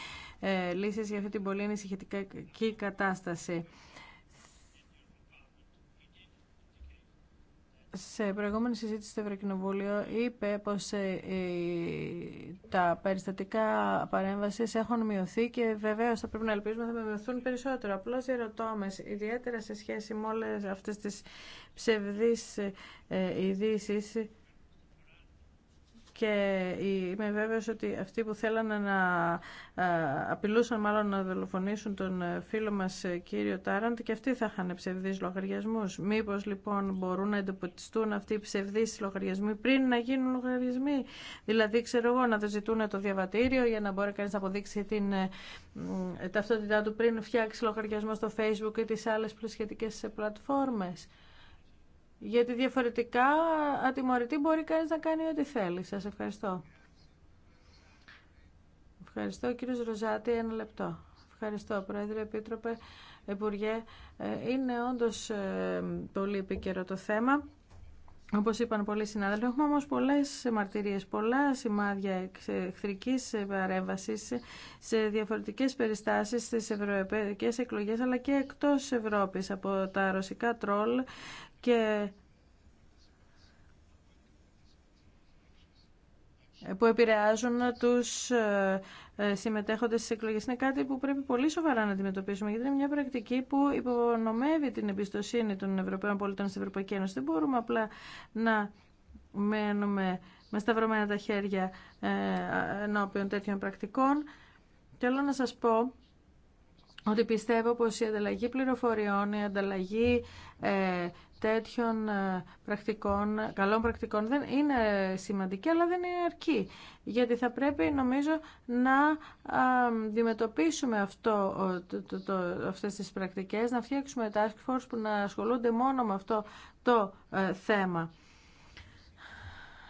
ε, λύσει για αυτή την πολύ ανησυχητική κατάσταση. σε προηγούμενη συζήτηση στο Ευρωκοινοβούλιο είπε πως ε, ε, τα περιστατικά παρέμβαση έχουν μειωθεί και βεβαίως θα πρέπει να ελπίζουμε θα μειωθούν περισσότερο. Απλώς ερωτώμες, ιδιαίτερα σε σχέση με όλες αυτές τις ψευδείς ε, ειδήσει και είμαι βέβαιος ότι αυτοί που θέλανε να ε, απειλούσαν μάλλον να δολοφονήσουν τον ε, φίλο μας ε, κύριο Τάραντ και αυτοί θα είχαν ψευδείς λογαριασμούς. Μήπως λοιπόν μπορούν να εντοπιστούν αυτοί οι ψευδείς λογαριασμοί πριν να γίνουν λογαριασμοί. Δηλαδή ξέρω εγώ να ζητούν το διαβατήριο για να μπορεί κανείς να αποδείξει την ταυτότητά του πριν φτιάξει λογαριασμό στο facebook ή τις άλλες προσχετικές πλατφόρμες. Γιατί διαφορετικά ατιμωρητή μπορεί κανείς να κάνει ό,τι θέλει. Σας ευχαριστώ. Ευχαριστώ κύριος Ροζάτη, ένα λεπτό. Ευχαριστώ Πρόεδρε, Επίτροπε, Υπουργέ. Ε, είναι όντως ε, πολύ επικαιρό το θέμα. Όπως είπαν πολλοί συνάδελφοι, έχουμε όμως πολλές μαρτυρίες, πολλά σημάδια εχθρικής παρέμβαση σε διαφορετικές περιστάσεις στις ευρωπαϊκές εκλογές αλλά και εκτός Ευρώπης από τα ρωσικά τρόλ και που επηρεάζουν τους ε, ε, συμμετέχοντες στις εκλογές. Είναι κάτι που πρέπει πολύ σοβαρά να αντιμετωπίσουμε, γιατί είναι μια πρακτική που υπονομεύει την εμπιστοσύνη των Ευρωπαίων πολιτών στην Ευρωπαϊκή Ένωση. Δεν μπορούμε απλά να μένουμε με σταυρωμένα τα χέρια ε, ενώπιον τέτοιων πρακτικών. Θέλω να σας πω ότι πιστεύω πως η ανταλλαγή πληροφοριών, η ανταλλαγή ε, τέτοιων ε, πρακτικών, καλών πρακτικών δεν είναι σημαντική αλλά δεν είναι αρκή. Γιατί θα πρέπει νομίζω να αντιμετωπίσουμε αυτό, το, το, αυτές τις πρακτικές, να φτιάξουμε task force που να ασχολούνται μόνο με αυτό το ε, θέμα.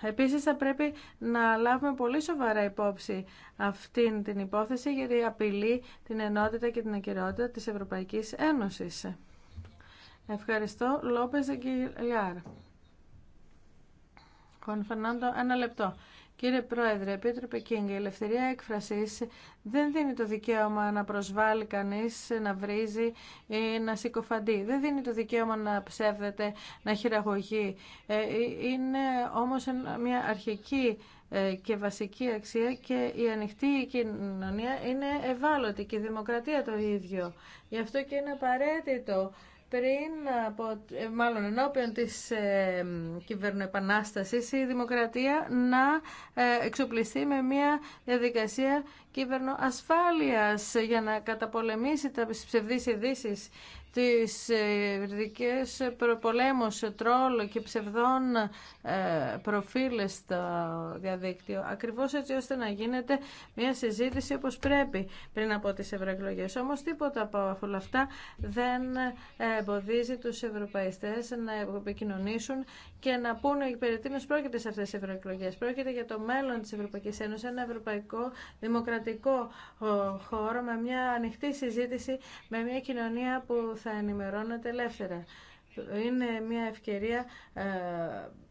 Επίσης θα πρέπει να λάβουμε πολύ σοβαρά υπόψη αυτήν την υπόθεση γιατί απειλεί την ενότητα και την ακυρότητα της Ευρωπαϊκής Ένωσης. Ευχαριστώ. Λόπες Αγγιλιάρ. Κον ένα λεπτό. Κύριε Πρόεδρε, Επίτροπε Κίνγκ, η ελευθερία έκφραση δεν δίνει το δικαίωμα να προσβάλλει κανεί, να βρίζει ή να συκοφαντεί. Δεν δίνει το δικαίωμα να ψεύδεται, να χειραγωγεί. Ε, είναι όμω μια αρχική ε, και βασική αξία και η ανοιχτή κοινωνία είναι ευάλωτη και η δημοκρατία το ίδιο. Γι' αυτό και είναι απαραίτητο πριν από, ε, μάλλον ενώπιον της ε, κυβερνοεπανάστασης η δημοκρατία να ε, εξοπλιστεί με μια διαδικασία κυβερνοασφάλειας για να καταπολεμήσει τα ψευδείς ειδήσει τις ε, ρητικές προπολέμους τρόλ και ψευδών ε, προφίλες στο διαδίκτυο. Ακριβώς έτσι ώστε να γίνεται μια συζήτηση όπως πρέπει πριν από τις ευρωεκλογέ. Όμως τίποτα από όλα αυτά δεν εμποδίζει τους ευρωπαϊστές να επικοινωνήσουν και να πούνε οι πρόκειται σε αυτέ τι ευρωεκλογέ. Πρόκειται για το μέλλον της Ευρωπαϊκής Ένωσης, ένα ευρωπαϊκό δημοκρατικό χώρο με μια ανοιχτή συζήτηση, με μια κοινωνία που θα ενημερώνεται ελεύθερα. Είναι μια ευκαιρία ε,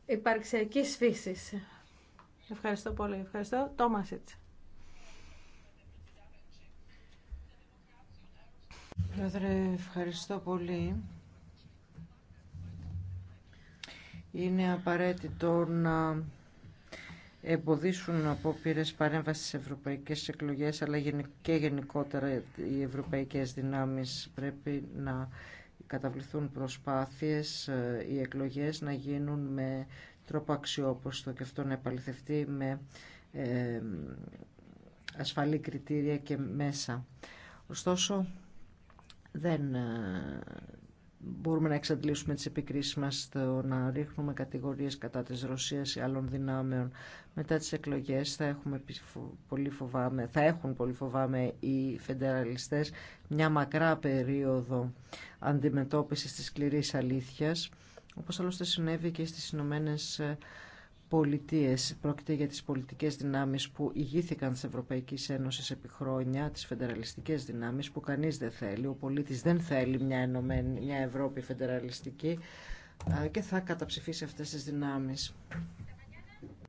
υπαρξιακής Ευχαριστώ πολύ. Ευχαριστώ. Τόμασιτς. Πρόεδρε, ευχαριστώ πολύ. είναι απαραίτητο να εμποδίσουν απόπειρε παρέμβαση στι ευρωπαϊκέ εκλογέ, αλλά και γενικότερα οι ευρωπαϊκέ δυνάμει πρέπει να καταβληθούν προσπάθειες ε, οι εκλογές να γίνουν με τρόπο αξιόπιστο και αυτό να επαληθευτεί με ε, ασφαλή κριτήρια και μέσα. Ωστόσο, δεν ε, μπορούμε να εξαντλήσουμε τις επικρίσεις μας στο να ρίχνουμε κατηγορίες κατά της Ρωσίας ή άλλων δυνάμεων. Μετά τις εκλογές θα, έχουμε πολύ φοβάμε θα έχουν πολύ φοβάμαι οι φεντεραλιστές μια μακρά περίοδο αντιμετώπισης της σκληρής αλήθειας, όπως άλλωστε συνέβη και στις Ηνωμένε πολιτείες. Πρόκειται για τις πολιτικές δυνάμεις που ηγήθηκαν της Ευρωπαϊκής Ένωσης επί χρόνια, τις φεντεραλιστικές δυνάμεις που κανείς δεν θέλει. Ο πολίτης δεν θέλει μια, ενωμένη, μια Ευρώπη φεντεραλιστική και θα καταψηφίσει αυτές τις δυνάμεις.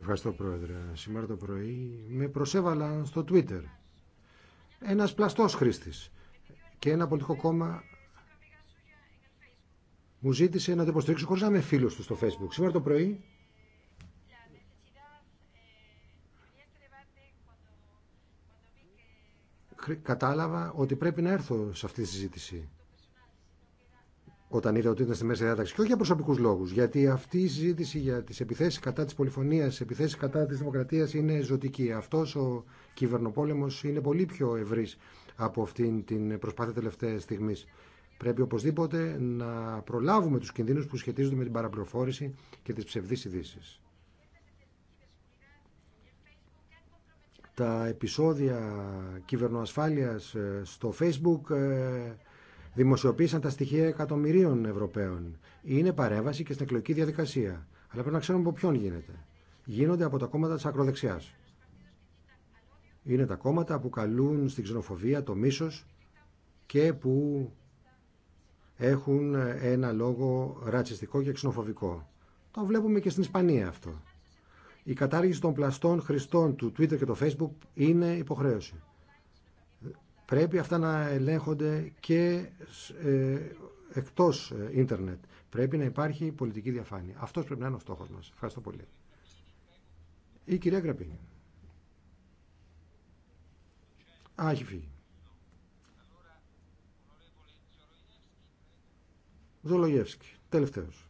Ευχαριστώ Πρόεδρε. Σήμερα το πρωί με προσέβαλα στο Twitter. Ένας πλαστός χρήστης και ένα πολιτικό κόμμα μου ζήτησε να το υποστηρίξω χωρίς να είμαι φίλος του στο Facebook. Σήμερα το πρωί κατάλαβα ότι πρέπει να έρθω σε αυτή τη συζήτηση. Όταν είδα ότι ήταν στη μέση διάταξη, και όχι για προσωπικού λόγου, γιατί αυτή η συζήτηση για τι επιθέσει κατά τη πολυφωνία, τι επιθέσει κατά τη δημοκρατία είναι ζωτική. Αυτό ο κυβερνοπόλεμο είναι πολύ πιο ευρύ από αυτήν την προσπάθεια τελευταία στιγμή. Πρέπει οπωσδήποτε να προλάβουμε του κινδύνου που σχετίζονται με την παραπληροφόρηση και τι ψευδεί ειδήσει. τα επεισόδια κυβερνοασφάλειας ε, στο facebook ε, δημοσιοποίησαν τα στοιχεία εκατομμυρίων Ευρωπαίων. Είναι παρέμβαση και στην εκλογική διαδικασία. Αλλά πρέπει να ξέρουμε από ποιον γίνεται. Γίνονται από τα κόμματα της ακροδεξιάς. Είναι τα κόμματα που καλούν στην ξενοφοβία, το μίσος και που έχουν ένα λόγο ρατσιστικό και ξενοφοβικό. Το βλέπουμε και στην Ισπανία αυτό. Η κατάργηση των πλαστών χρηστών του Twitter και του Facebook είναι υποχρέωση. Πρέπει αυτά να ελέγχονται και ε, εκτός ε, ίντερνετ. Πρέπει να υπάρχει πολιτική διαφάνεια. Αυτός πρέπει να είναι ο στόχος μας. Ευχαριστώ πολύ. Η κυρία Γραπίνη. Α, έχει φύγει. Ζολογεύσκη. Τελευταίος.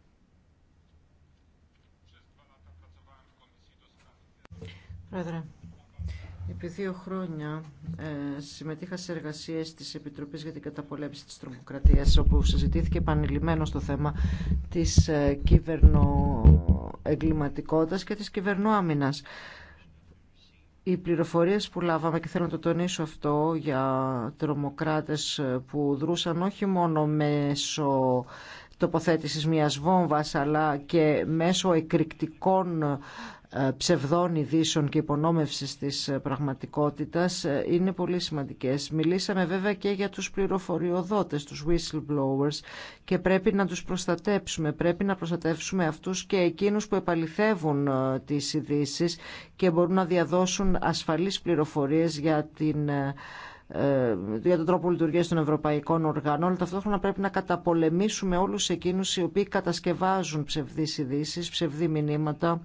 Πρόεδρε, επί δύο χρόνια ε, συμμετείχα σε εργασίες της Επιτροπή για την Καταπολέμηση της Τρομοκρατίας, όπου συζητήθηκε επανειλημμένο το θέμα της ε, κυβερνοεγκληματικότητας και της κυβερνοάμυνας. Οι πληροφορίες που λάβαμε και θέλω να το τονίσω αυτό για τρομοκράτες ε, που δρούσαν όχι μόνο μέσω τοποθέτησης μιας βόμβας αλλά και μέσω εκρηκτικών ε, ψευδών ειδήσεων και υπονόμευσης της ε, πραγματικότητας ε, είναι πολύ σημαντικές. Μιλήσαμε βέβαια και για τους πληροφοριοδότες, τους whistleblowers και πρέπει να τους προστατέψουμε. Πρέπει να προστατεύσουμε αυτούς και εκείνους που επαληθεύουν τις ειδήσει και μπορούν να διαδώσουν ασφαλείς πληροφορίες για την για τον τρόπο λειτουργίας των ευρωπαϊκών οργάνων, ταυτόχρονα πρέπει να καταπολεμήσουμε όλους εκείνους οι οποίοι κατασκευάζουν ψευδείς ειδήσει, ψευδή μηνύματα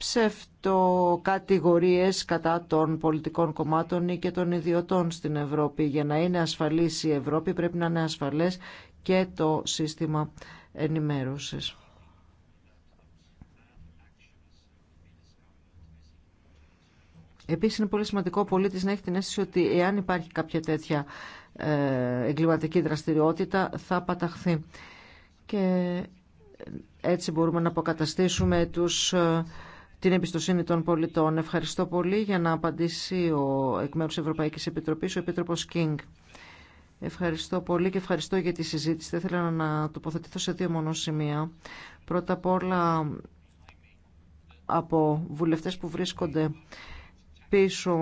ψευτοκατηγορίες κατά των πολιτικών κομμάτων ή και των ιδιωτών στην Ευρώπη. Για να είναι ασφαλής η Ευρώπη πρέπει να είναι ασφαλές και το σύστημα ενημέρωσης. Επίσης είναι πολύ σημαντικό ο πολίτης να έχει την αίσθηση ότι εάν υπάρχει κάποια τέτοια ε, εγκληματική δραστηριότητα θα παταχθεί. Και έτσι μπορούμε να αποκαταστήσουμε τους ε, την εμπιστοσύνη των πολιτών. Ευχαριστώ πολύ για να απαντήσει ο εκ μέρους Ευρωπαϊκή Επιτροπής, ο Επίτροπο Κίνγκ. Ευχαριστώ πολύ και ευχαριστώ για τη συζήτηση. Θα ήθελα να τοποθετηθώ σε δύο μόνο σημεία. Πρώτα απ' όλα από βουλευτές που βρίσκονται πίσω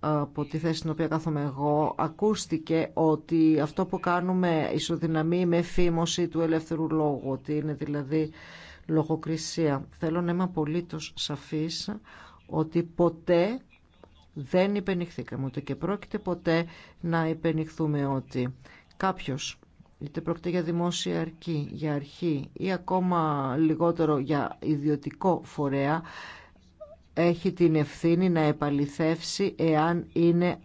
ε, από τη θέση στην οποία κάθομαι εγώ ακούστηκε ότι αυτό που κάνουμε ισοδυναμεί με φήμωση του ελεύθερου λόγου ότι είναι δηλαδή λογοκρισία. Θέλω να είμαι απολύτω σαφής ότι ποτέ δεν υπενηχθήκαμε, ούτε και πρόκειται ποτέ να υπενηχθούμε ότι κάποιος είτε πρόκειται για δημόσια αρχή, για αρχή ή ακόμα λιγότερο για ιδιωτικό φορέα, έχει την ευθύνη να επαληθεύσει εάν είναι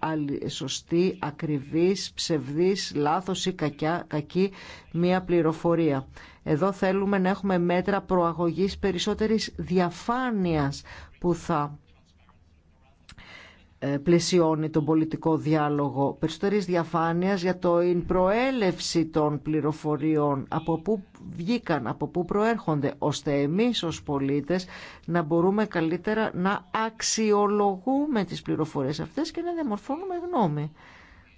σωστή, ακριβής, ψευδής, λάθος ή κακιά, κακή μία πληροφορία. Εδώ θέλουμε να έχουμε μέτρα προαγωγής περισσότερης διαφάνειας που θα ε, πλαισιώνει τον πολιτικό διάλογο περισσότερης διαφάνειας για το προέλευση των πληροφοριών από πού βγήκαν, από πού προέρχονται ώστε εμείς ως πολίτες να μπορούμε καλύτερα να αξιολογούμε τις πληροφορίες αυτές και να διαμορφώνουμε γνώμη.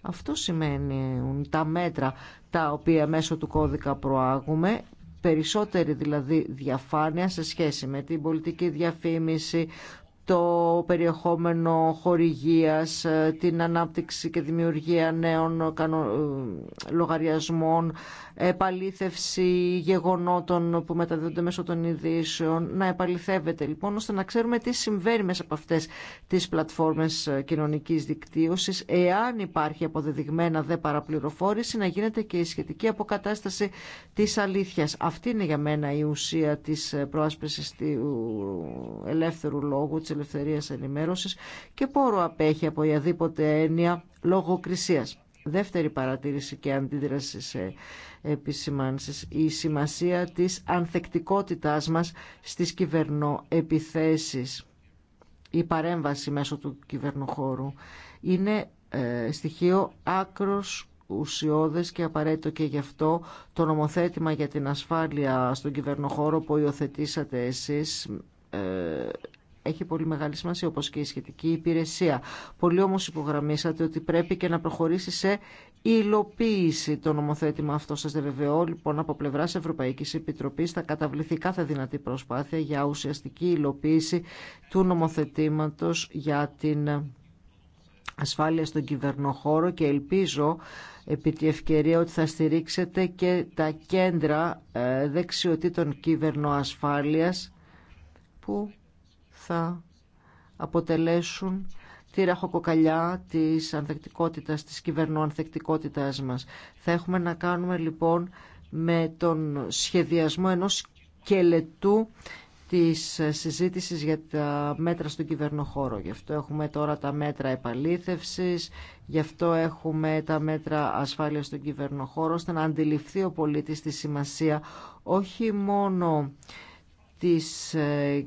Αυτό σημαίνουν τα μέτρα τα οποία μέσω του κώδικα προάγουμε περισσότερη δηλαδή διαφάνεια σε σχέση με την πολιτική διαφήμιση, το περιεχόμενο χορηγίας, την ανάπτυξη και δημιουργία νέων λογαριασμών, επαλήθευση γεγονότων που μεταδίδονται μέσω των ειδήσεων, να επαληθεύεται λοιπόν ώστε να ξέρουμε τι συμβαίνει μέσα από αυτές τις πλατφόρμες κοινωνικής δικτύωσης, εάν υπάρχει αποδεδειγμένα δε παραπληροφόρηση, να γίνεται και η σχετική αποκατάσταση της αλήθειας. Αυτή είναι για μένα η ουσία της προάσπισης του ελεύθερου λόγου, Ελευθερία ενημέρωσης και πόρο απέχει από οποιαδήποτε έννοια λογοκρισίας. Δεύτερη παρατήρηση και αντίδραση σε επισημάνσεις, η σημασία της ανθεκτικότητάς μας στις κυβερνοεπιθέσεις. Η παρέμβαση μέσω του κυβερνοχώρου είναι ε, στοιχείο άκρος ουσιώδες και απαραίτητο και γι' αυτό το νομοθέτημα για την ασφάλεια στον κυβερνοχώρο που υιοθετήσατε εσείς ε, έχει πολύ μεγάλη σημασία όπως και η σχετική υπηρεσία. Πολύ όμως υπογραμμίσατε ότι πρέπει και να προχωρήσει σε υλοποίηση το νομοθέτημα αυτό. Σας βεβαιώ λοιπόν από πλευράς Ευρωπαϊκής Επιτροπής θα καταβληθεί κάθε δυνατή προσπάθεια για ουσιαστική υλοποίηση του νομοθετήματος για την ασφάλεια στον κυβερνοχώρο και ελπίζω επί τη ευκαιρία ότι θα στηρίξετε και τα κέντρα ε, δεξιοτήτων κυβερνοασφάλειας που θα αποτελέσουν τη ραχοκοκαλιά της ανθεκτικότητας, της κυβερνοανθεκτικότητάς μας. Θα έχουμε να κάνουμε λοιπόν με τον σχεδιασμό ενός σκελετού της συζήτησης για τα μέτρα στον κυβερνοχώρο. Γι' αυτό έχουμε τώρα τα μέτρα επαλήθευσης, γι' αυτό έχουμε τα μέτρα ασφάλειας στον κυβερνοχώρο, ώστε να αντιληφθεί ο πολίτης τη σημασία όχι μόνο της ε,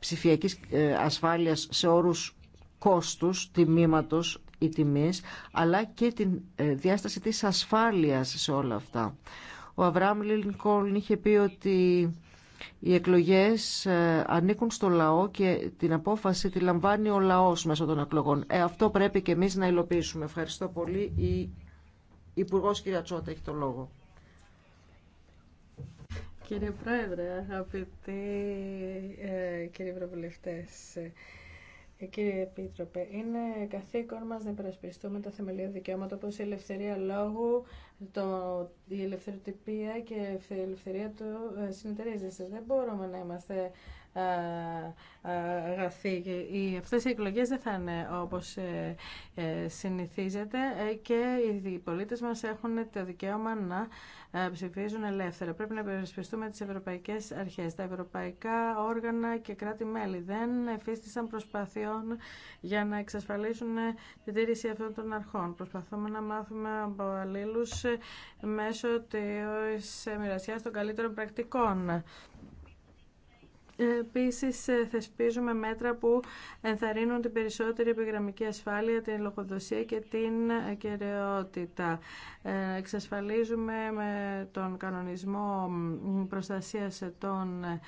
ψηφιακής ε, ασφάλειας σε όρους κόστους, τιμήματος ή τιμής, αλλά και την ε, διάσταση της ασφάλειας σε όλα αυτά. Ο Αβραάμ Λινκόλν είχε πει ότι οι εκλογές ε, ανήκουν στο λαό και την απόφαση τη λαμβάνει ο λαός μέσω των εκλογών. αυτό πρέπει και εμείς να υλοποιήσουμε. Ευχαριστώ πολύ. Η Υπουργός κ. Τσότα έχει το λόγο. Κύριε Πρόεδρε, αγαπητοί ε, κύριοι Ευρωβουλευτές, ε, Κύριε Επίτροπε, είναι καθήκον μας να υπερασπιστούμε τα θεμελιώδη δικαιώματα όπως η ελευθερία λόγου, το, η ελευθεροτυπία και η ελευθερία του ε, συνεταιρίζεσαι. Δεν μπορούμε να είμαστε ε, ε, οι Αυτές οι εκλογές δεν θα είναι όπως ε, συνηθίζεται και οι πολίτες μας έχουν το δικαίωμα να ψηφίζουν ελεύθερα. Πρέπει να υπερασπιστούμε τις ευρωπαϊκές αρχές. Τα ευρωπαϊκά όργανα και κράτη-μέλη δεν εφίστησαν προσπαθειών για να εξασφαλίσουν την τήρηση αυτών των αρχών. Προσπαθούμε να μάθουμε από αλλήλους μέσω της μοιρασίας των καλύτερων πρακτικών. Επίση, ε, θεσπίζουμε μέτρα που ενθαρρύνουν την περισσότερη επιγραμμική ασφάλεια, την λογοδοσία και την κεραιότητα. Ε, εξασφαλίζουμε με τον κανονισμό προστασία των, ε,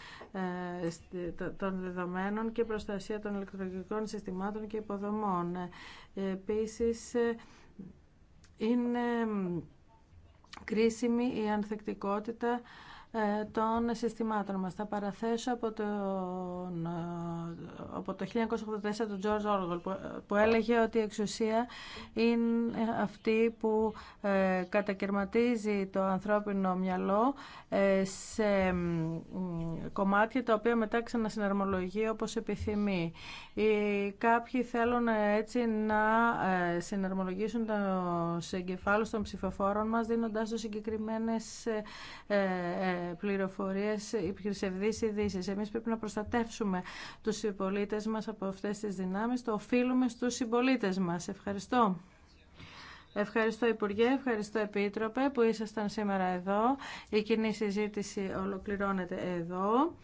των δεδομένων και προστασία των ηλεκτρολογικών συστημάτων και υποδομών. Επίση είναι κρίσιμη η ανθεκτικότητα ε, των συστημάτων μας. Θα παραθέσω από το, ε, από το 1984 τον George Orwell ε, που, έλεγε ότι η εξουσία είναι αυτή που κατακαιρματίζει το ανθρώπινο μυαλό σε κομμάτια τα οποία μετά ξανασυναρμολογεί όπως επιθυμεί. κάποιοι θέλουν έτσι να συναρμολογήσουν το εγκεφάλους των ψηφοφόρων μας δίνοντάς τους συγκεκριμένες πληροφορίες ή ψευδείς ειδήσει. Εμείς πρέπει να προστατεύσουμε τους συμπολίτε μας από αυτές τις δυνάμεις. Το οφείλουμε στους συμπολίτε μας. Ευχαριστώ. Ευχαριστώ Υπουργέ, ευχαριστώ Επίτροπε που ήσασταν σήμερα εδώ. Η κοινή συζήτηση ολοκληρώνεται εδώ.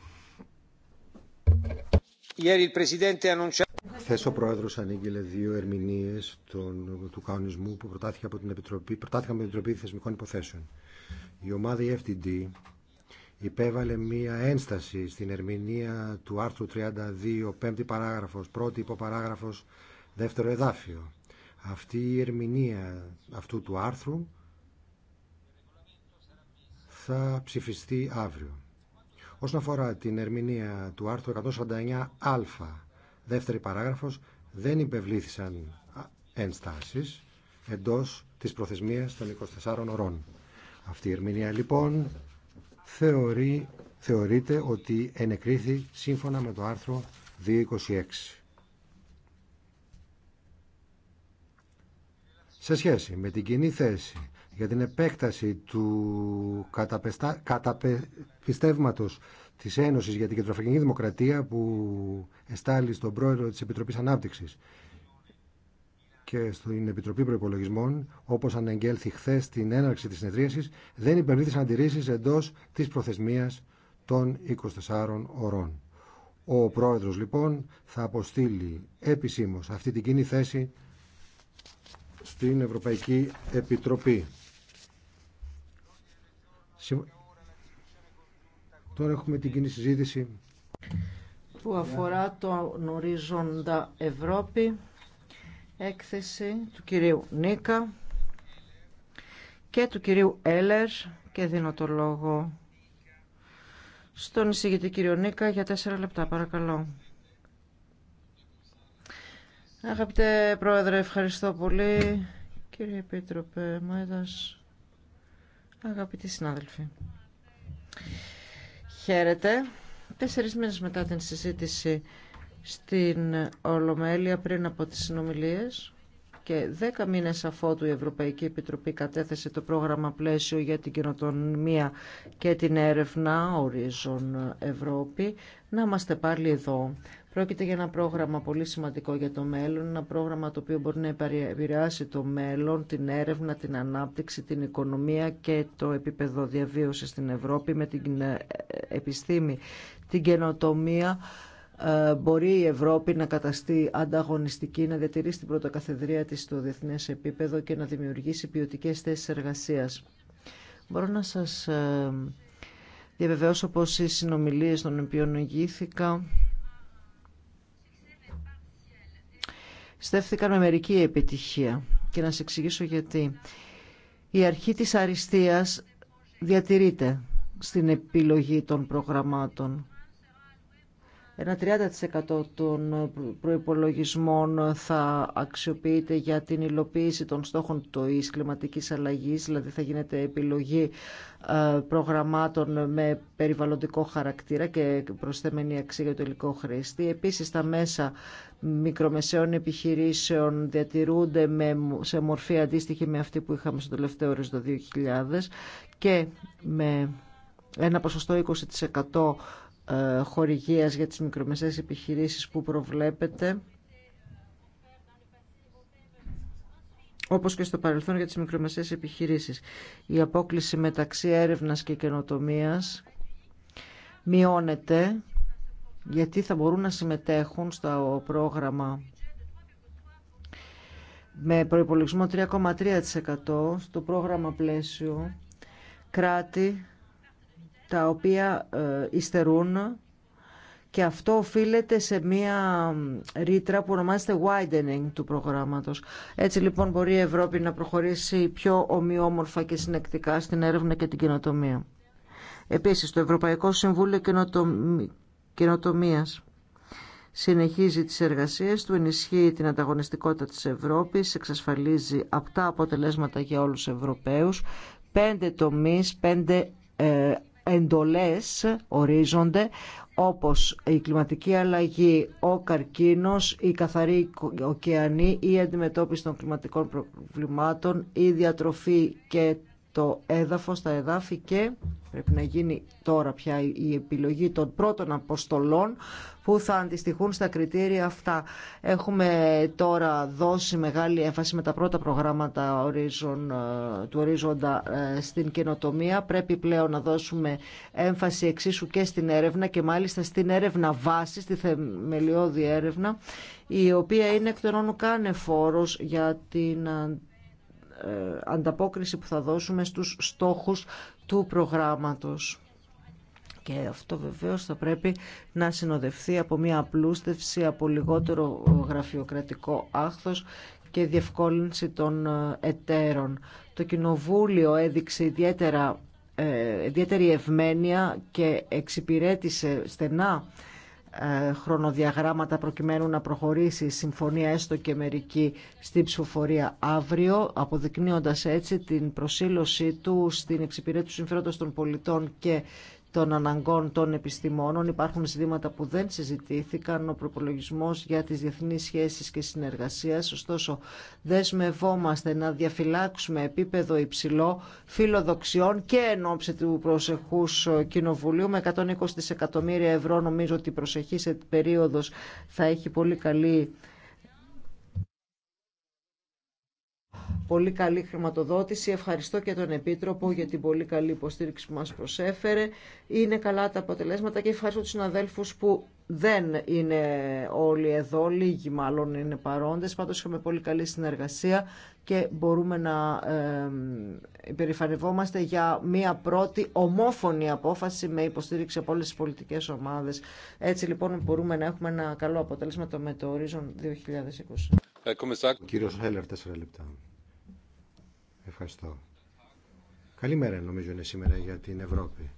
Χθε ο πρόεδρο ανήγγειλε δύο ερμηνείε του κανονισμού που προτάθηκε από την Επιτροπή, προτάθηκαν από την Επιτροπή Θεσμικών Υποθέσεων. Η ομάδα EFTD υπέβαλε μία ένσταση στην ερμηνεία του άρθρου 32, πέμπτη παράγραφος, πρώτη υποπαράγραφος, δεύτερο εδάφιο. Αυτή η ερμηνεία αυτού του άρθρου θα ψηφιστεί αύριο. Όσον αφορά την ερμηνεία του άρθρου 149α, δεύτερη παράγραφος, δεν υπευλήθησαν ενστάσεις εντός της προθεσμίας των 24 ωρών. Αυτή η ερμηνεία λοιπόν θεωρεί, θεωρείται ότι ενεκρίθη σύμφωνα με το άρθρο 226. Σε σχέση με την κοινή θέση για την επέκταση του καταπεστα... καταπιστεύματος της Ένωσης για την Κεντροαφρικανική Δημοκρατία που εστάλει στον πρόεδρο της Επιτροπής Ανάπτυξης και στην Επιτροπή Προπολογισμών, όπω αναγγέλθη χθε στην έναρξη τη συνεδρίαση, δεν υπερβήθησαν αντιρρήσει εντό τη προθεσμία των 24 ωρών. Ο πρόεδρο λοιπόν θα αποστείλει επισήμω αυτή την κοινή θέση στην Ευρωπαϊκή Επιτροπή. Τώρα έχουμε την κοινή συζήτηση που αφορά τον ορίζοντα Ευρώπη έκθεση του κυρίου Νίκα και του κυρίου Έλερ και δίνω το λόγο στον εισηγητή κύριο Νίκα για τέσσερα λεπτά παρακαλώ. Αγαπητέ Πρόεδρε, ευχαριστώ πολύ. Κύριε Επίτροπε αγαπητή αγαπητοί συνάδελφοι. Χαίρετε. Τέσσερις μήνες μετά την συζήτηση στην Ολομέλεια πριν από τις συνομιλίες και δέκα μήνες αφότου η Ευρωπαϊκή Επιτροπή κατέθεσε το πρόγραμμα πλαίσιο για την καινοτομία και την έρευνα ορίζων Ευρώπη, να είμαστε πάλι εδώ. Πρόκειται για ένα πρόγραμμα πολύ σημαντικό για το μέλλον, ένα πρόγραμμα το οποίο μπορεί να επηρεάσει το μέλλον, την έρευνα, την ανάπτυξη, την οικονομία και το επίπεδο διαβίωσης στην Ευρώπη με την ε, επιστήμη, την καινοτομία ε, μπορεί η Ευρώπη να καταστεί ανταγωνιστική, να διατηρήσει την πρωτοκαθεδρία της στο διεθνές επίπεδο και να δημιουργήσει ποιοτικέ θέσεις εργασίας. Μπορώ να σας ε, διαβεβαιώσω πως οι συνομιλίες των οποίων ηγήθηκα στέφθηκαν με μερική επιτυχία και να σας εξηγήσω γιατί. Η αρχή της αριστείας διατηρείται στην επιλογή των προγραμμάτων ένα 30% των προϋπολογισμών θα αξιοποιείται για την υλοποίηση των στόχων του τοί κλιματικής αλλαγής, δηλαδή θα γίνεται επιλογή ε, προγραμμάτων με περιβαλλοντικό χαρακτήρα και προσθέμενη αξία για το υλικό χρήστη. Επίσης, τα μέσα μικρομεσαίων επιχειρήσεων διατηρούνται με, σε μορφή αντίστοιχη με αυτή που είχαμε στο τελευταίο το 2000 και με ένα ποσοστό 20% ε, χορηγίας για τις μικρομεσαίες επιχειρήσεις που προβλέπεται όπως και στο παρελθόν για τις μικρομεσαίες επιχειρήσεις. Η απόκληση μεταξύ έρευνας και καινοτομίας μειώνεται γιατί θα μπορούν να συμμετέχουν στο πρόγραμμα με προϋπολογισμό 3,3% στο πρόγραμμα πλαίσιο κράτη τα οποία ε, υστερούν και αυτό οφείλεται σε μία ρήτρα που ονομάζεται widening του προγράμματος. Έτσι λοιπόν μπορεί η Ευρώπη να προχωρήσει πιο ομοιόμορφα και συνεκτικά στην έρευνα και την καινοτομία. Επίσης, το Ευρωπαϊκό Συμβούλιο Καινοτομίας συνεχίζει τις εργασίες του, ενισχύει την ανταγωνιστικότητα της Ευρώπης, εξασφαλίζει αυτά αποτελέσματα για όλους τους Ευρωπαίους, πέντε τομείς, πέντε ε, εντολές ορίζονται όπως η κλιματική αλλαγή, ο καρκίνος, η καθαρή ωκεανή, η αντιμετώπιση των κλιματικών προβλημάτων, η διατροφή και το έδαφος, τα εδάφη και πρέπει να γίνει τώρα πια η επιλογή των πρώτων αποστολών που θα αντιστοιχούν στα κριτήρια αυτά. Έχουμε τώρα δώσει μεγάλη έμφαση με τα πρώτα προγράμματα ορίζον, ε, του ορίζοντα ε, στην καινοτομία. Πρέπει πλέον να δώσουμε έμφαση εξίσου και στην έρευνα και μάλιστα στην έρευνα βάση, στη θεμελιώδη έρευνα, η οποία είναι εκ των κάνε φόρος για την ε, ανταπόκριση που θα δώσουμε στους στόχους του προγράμματος. Και αυτό βεβαίως θα πρέπει να συνοδευτεί από μια απλούστευση, από λιγότερο γραφειοκρατικό άχθος και διευκόλυνση των ε, εταίρων. Το Κοινοβούλιο έδειξε ιδιαίτερα, ε, ιδιαίτερη ευμένεια και εξυπηρέτησε στενά ε, χρονοδιαγράμματα προκειμένου να προχωρήσει η συμφωνία έστω και μερική στην ψηφοφορία αύριο, αποδεικνύοντας έτσι την προσήλωσή του στην εξυπηρέτηση συμφέροντος των πολιτών και των αναγκών των επιστημόνων. Υπάρχουν ζητήματα που δεν συζητήθηκαν, ο προπολογισμό για τις διεθνείς σχέσεις και συνεργασία. Ωστόσο, δεσμευόμαστε να διαφυλάξουμε επίπεδο υψηλό φιλοδοξιών και εν ώψη του προσεχούς κοινοβουλίου με 120 δισεκατομμύρια ευρώ. Νομίζω ότι η σε περίοδος θα έχει πολύ καλή πολύ καλή χρηματοδότηση. Ευχαριστώ και τον Επίτροπο για την πολύ καλή υποστήριξη που μας προσέφερε. Είναι καλά τα αποτελέσματα και ευχαριστώ τους συναδέλφους που δεν είναι όλοι εδώ, λίγοι μάλλον είναι παρόντες. Πάντως είχαμε πολύ καλή συνεργασία και μπορούμε να υπερηφανευόμαστε για μία πρώτη ομόφωνη απόφαση με υποστήριξη από όλες τις πολιτικές ομάδες. Έτσι λοιπόν μπορούμε να έχουμε ένα καλό αποτέλεσμα με το Horizon 2020. Ε, Κύριος Χέλλερ, τέσσερα λεπτά. Ευχαριστώ. Καλημέρα νομίζω είναι σήμερα για την Ευρώπη.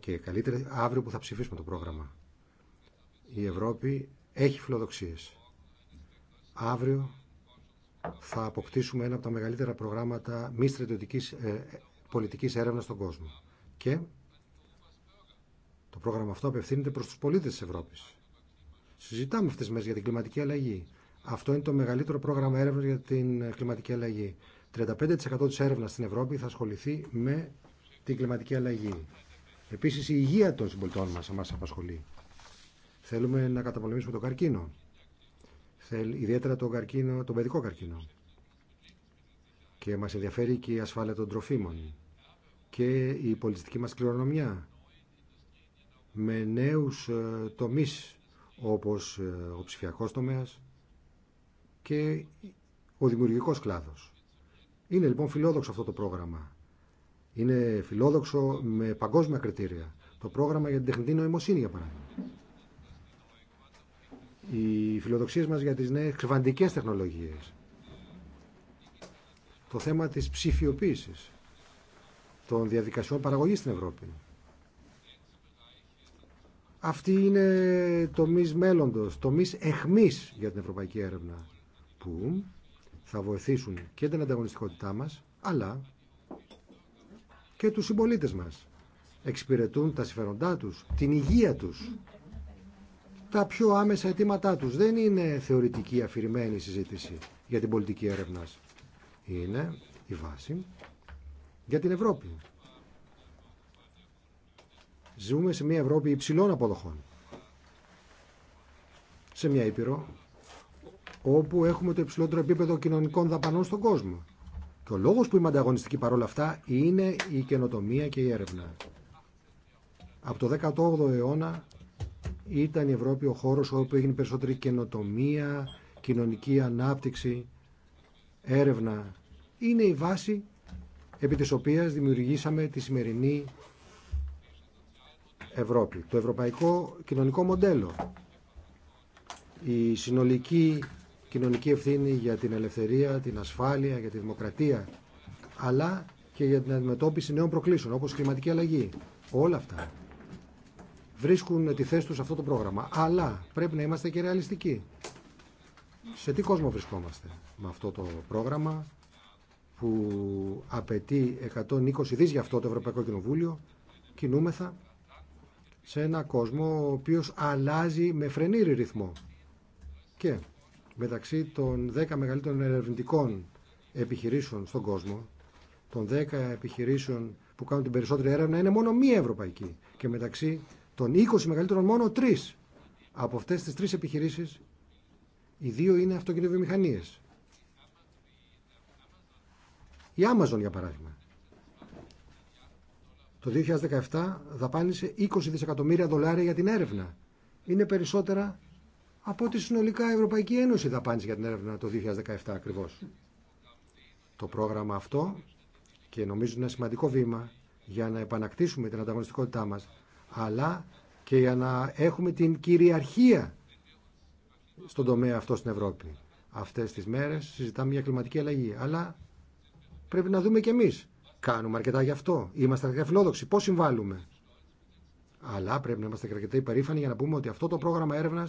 Και καλύτερα αύριο που θα ψηφίσουμε το πρόγραμμα. Η Ευρώπη έχει φιλοδοξίες. Αύριο θα αποκτήσουμε ένα από τα μεγαλύτερα προγράμματα μη στρατιωτικής ε, πολιτικής έρευνας στον κόσμο. Και το πρόγραμμα αυτό απευθύνεται προς τους πολίτες της Ευρώπης. Συζητάμε αυτές τις μέρες για την κλιματική αλλαγή. Αυτό είναι το μεγαλύτερο πρόγραμμα έρευνας για την ε, κλιματική αλλαγή. 35% της έρευνας στην Ευρώπη θα ασχοληθεί με την κλιματική αλλαγή. Επίσης η υγεία των συμπολιτών μας μας απασχολεί. Θέλουμε να καταπολεμήσουμε τον καρκίνο. Θέλει, ιδιαίτερα τον, καρκίνο, τον παιδικό καρκίνο. Και μας ενδιαφέρει και η ασφάλεια των τροφίμων. Και η πολιτιστική μας κληρονομιά. Με νέους ε, τομείς όπως ε, ο ψηφιακός τομέας και ο δημιουργικός κλάδος. Είναι λοιπόν φιλόδοξο αυτό το πρόγραμμα. Είναι φιλόδοξο με παγκόσμια κριτήρια. Το πρόγραμμα για την τεχνητή νοημοσύνη, για παράδειγμα. Οι φιλοδοξίε μα για τι νέε ξεβαντικέ τεχνολογίε. Το θέμα τη ψηφιοποίηση των διαδικασιών παραγωγής στην Ευρώπη. Αυτή είναι τομεί μέλλοντος, τομεί εχμή για την ευρωπαϊκή έρευνα θα βοηθήσουν και την ανταγωνιστικότητά μας, αλλά και τους συμπολίτες μας. Εξυπηρετούν τα συμφέροντά τους, την υγεία τους, τα πιο άμεσα αιτήματά τους. Δεν είναι θεωρητική αφηρημένη συζήτηση για την πολιτική έρευνα. Είναι η βάση για την Ευρώπη. Ζούμε σε μια Ευρώπη υψηλών αποδοχών. Σε μια Ήπειρο όπου έχουμε το υψηλότερο επίπεδο κοινωνικών δαπανών στον κόσμο. Και ο λόγος που είμαστε ανταγωνιστική παρόλα αυτά είναι η καινοτομία και η έρευνα. Από το 18ο αιώνα ήταν η Ευρώπη ο χώρος όπου έγινε περισσότερη καινοτομία, κοινωνική ανάπτυξη, έρευνα. Είναι η βάση επί της οποίας δημιουργήσαμε τη σημερινή Ευρώπη. Το ευρωπαϊκό κοινωνικό μοντέλο, η συνολική κοινωνική ευθύνη για την ελευθερία, την ασφάλεια, για τη δημοκρατία, αλλά και για την αντιμετώπιση νέων προκλήσεων, όπως κλιματική αλλαγή. Όλα αυτά βρίσκουν τη θέση τους σε αυτό το πρόγραμμα. Αλλά πρέπει να είμαστε και ρεαλιστικοί. Σε τι κόσμο βρισκόμαστε με αυτό το πρόγραμμα που απαιτεί 120 δις για αυτό το Ευρωπαϊκό Κοινοβούλιο, κινούμεθα σε ένα κόσμο ο οποίος αλλάζει με φρενήρη ρυθμό. Και μεταξύ των 10 μεγαλύτερων ερευνητικών επιχειρήσεων στον κόσμο, των 10 επιχειρήσεων που κάνουν την περισσότερη έρευνα, είναι μόνο μία ευρωπαϊκή. Και μεταξύ των 20 μεγαλύτερων μόνο τρει Από αυτέ τις τρει επιχειρήσεις, οι δύο είναι αυτοκινητοβιομηχανίε. Η Amazon, για παράδειγμα, το 2017 δαπάνησε 20 δισεκατομμύρια δολάρια για την έρευνα. Είναι περισσότερα από ό,τι συνολικά η Ευρωπαϊκή Ένωση δαπάνησε για την έρευνα το 2017 ακριβώς. Το πρόγραμμα αυτό και νομίζω είναι ένα σημαντικό βήμα για να επανακτήσουμε την ανταγωνιστικότητά μας αλλά και για να έχουμε την κυριαρχία στον τομέα αυτό στην Ευρώπη. Αυτές τις μέρες συζητάμε για κλιματική αλλαγή αλλά πρέπει να δούμε και εμείς. Κάνουμε αρκετά γι' αυτό. Είμαστε αρκετά φιλόδοξοι. Πώς συμβάλλουμε. Αλλά πρέπει να είμαστε αρκετά υπερήφανοι για να πούμε ότι αυτό το πρόγραμμα έρευνα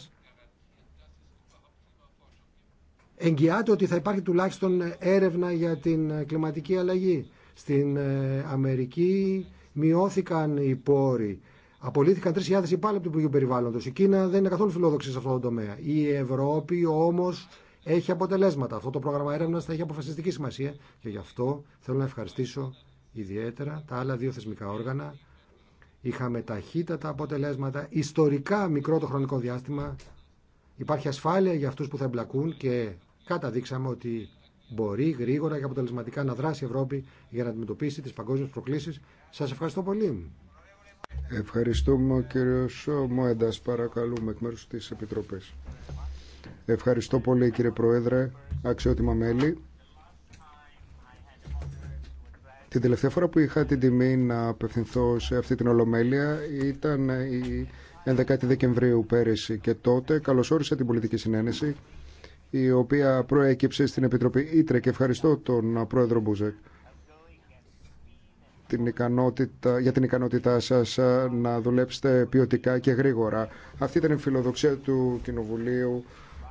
εγγυάται ότι θα υπάρχει τουλάχιστον έρευνα για την ε, κλιματική αλλαγή. Στην ε, Αμερική μειώθηκαν οι πόροι. Απολύθηκαν 3.000 υπάλληλοι από το Υπουργείο Περιβάλλοντο. Η Κίνα δεν είναι καθόλου φιλόδοξη σε αυτό το τομέα. Η Ευρώπη όμω έχει αποτελέσματα. Αυτό το πρόγραμμα έρευνα θα έχει αποφασιστική σημασία και γι' αυτό θέλω να ευχαριστήσω ιδιαίτερα τα άλλα δύο θεσμικά όργανα. Είχαμε ταχύτατα αποτελέσματα, ιστορικά μικρό το χρονικό διάστημα. Υπάρχει ασφάλεια για αυτού που θα εμπλακούν και καταδείξαμε ότι μπορεί γρήγορα και αποτελεσματικά να δράσει η Ευρώπη για να αντιμετωπίσει τις παγκόσμιες προκλήσεις. Σας ευχαριστώ πολύ. Ευχαριστούμε ο κύριο Μοέντας, παρακαλούμε εκ μέρους της Επιτροπής. Ευχαριστώ πολύ κύριε Πρόεδρε, αξιότιμα μέλη. Την τελευταία φορά που είχα την τιμή να απευθυνθώ σε αυτή την Ολομέλεια ήταν η 11η Δεκεμβρίου πέρυσι και τότε καλωσόρισα την πολιτική συνένεση η οποία προέκυψε στην Επιτροπή Ήτρε και ευχαριστώ τον Πρόεδρο Μπούζεκ την ικανότητα, για την ικανότητά σας ε, να δουλέψετε ποιοτικά και γρήγορα. Αυτή ήταν η φιλοδοξία του Κοινοβουλίου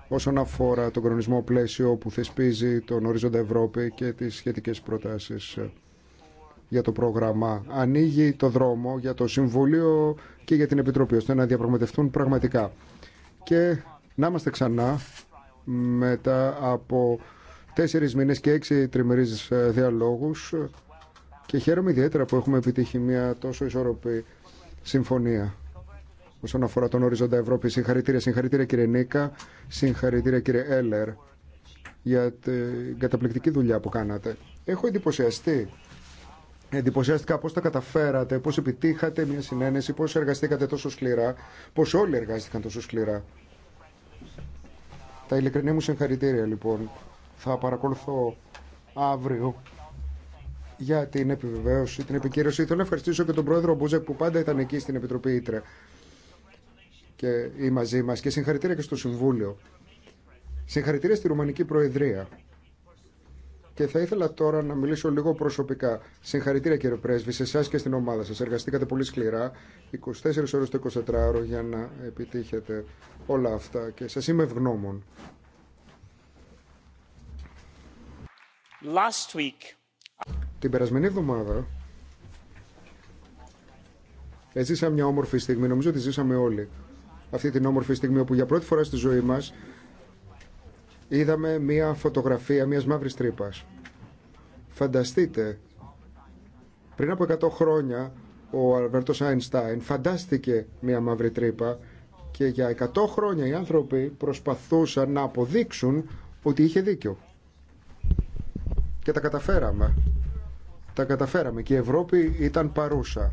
όσον αφορά τον κρονισμό πλαίσιο που θεσπίζει τον ορίζοντα Ευρώπη και τις σχετικές προτάσεις ε, για το πρόγραμμα. Ανοίγει το δρόμο για το Συμβούλιο και για την Επιτροπή ώστε να διαπραγματευτούν πραγματικά. Και να είμαστε ξανά μετά από τέσσερις μήνες και έξι τριμερείς ε, διαλόγους και χαίρομαι ιδιαίτερα που έχουμε επιτύχει μια τόσο ισορροπή συμφωνία όσον αφορά τον οριζόντα Ευρώπη. Συγχαρητήρια, συγχαρητήρια κύριε Νίκα, συγχαρητήρια κύριε Έλερ για την καταπληκτική δουλειά που κάνατε. Έχω εντυπωσιαστεί. Εντυπωσιαστικά πώς τα καταφέρατε, πώς επιτύχατε μια συνένεση, πώς εργαστήκατε τόσο σκληρά, πώς όλοι εργάστηκαν τόσο σκληρά. Τα ειλικρινή μου συγχαρητήρια λοιπόν. Θα παρακολουθώ αύριο για την επιβεβαίωση, την επικύρωση. Θέλω να ευχαριστήσω και τον πρόεδρο Μπούζεκ που πάντα ήταν εκεί στην Επιτροπή Ήτρε και ή μαζί μας και συγχαρητήρια και στο Συμβούλιο. Συγχαρητήρια στη Ρουμανική Προεδρία και θα ήθελα τώρα να μιλήσω λίγο προσωπικά. Συγχαρητήρια κύριε Πρέσβη, σε εσά και στην ομάδα σα. Εργαστήκατε πολύ σκληρά, 24 ώρε το 24ωρο, για να επιτύχετε όλα αυτά. Και σα είμαι ευγνώμων. Last week. Την περασμένη εβδομάδα ζήσαμε μια όμορφη στιγμή. Νομίζω ότι ζήσαμε όλοι αυτή την όμορφη στιγμή όπου για πρώτη φορά στη ζωή μας είδαμε μία φωτογραφία μιας μαύρης τρύπας. Φανταστείτε, πριν από 100 χρόνια ο Αλβέρτος Άινστάιν φαντάστηκε μία μαύρη τρύπα και για 100 χρόνια οι άνθρωποι προσπαθούσαν να αποδείξουν ότι είχε δίκιο. Και τα καταφέραμε. Τα καταφέραμε και η Ευρώπη ήταν παρούσα.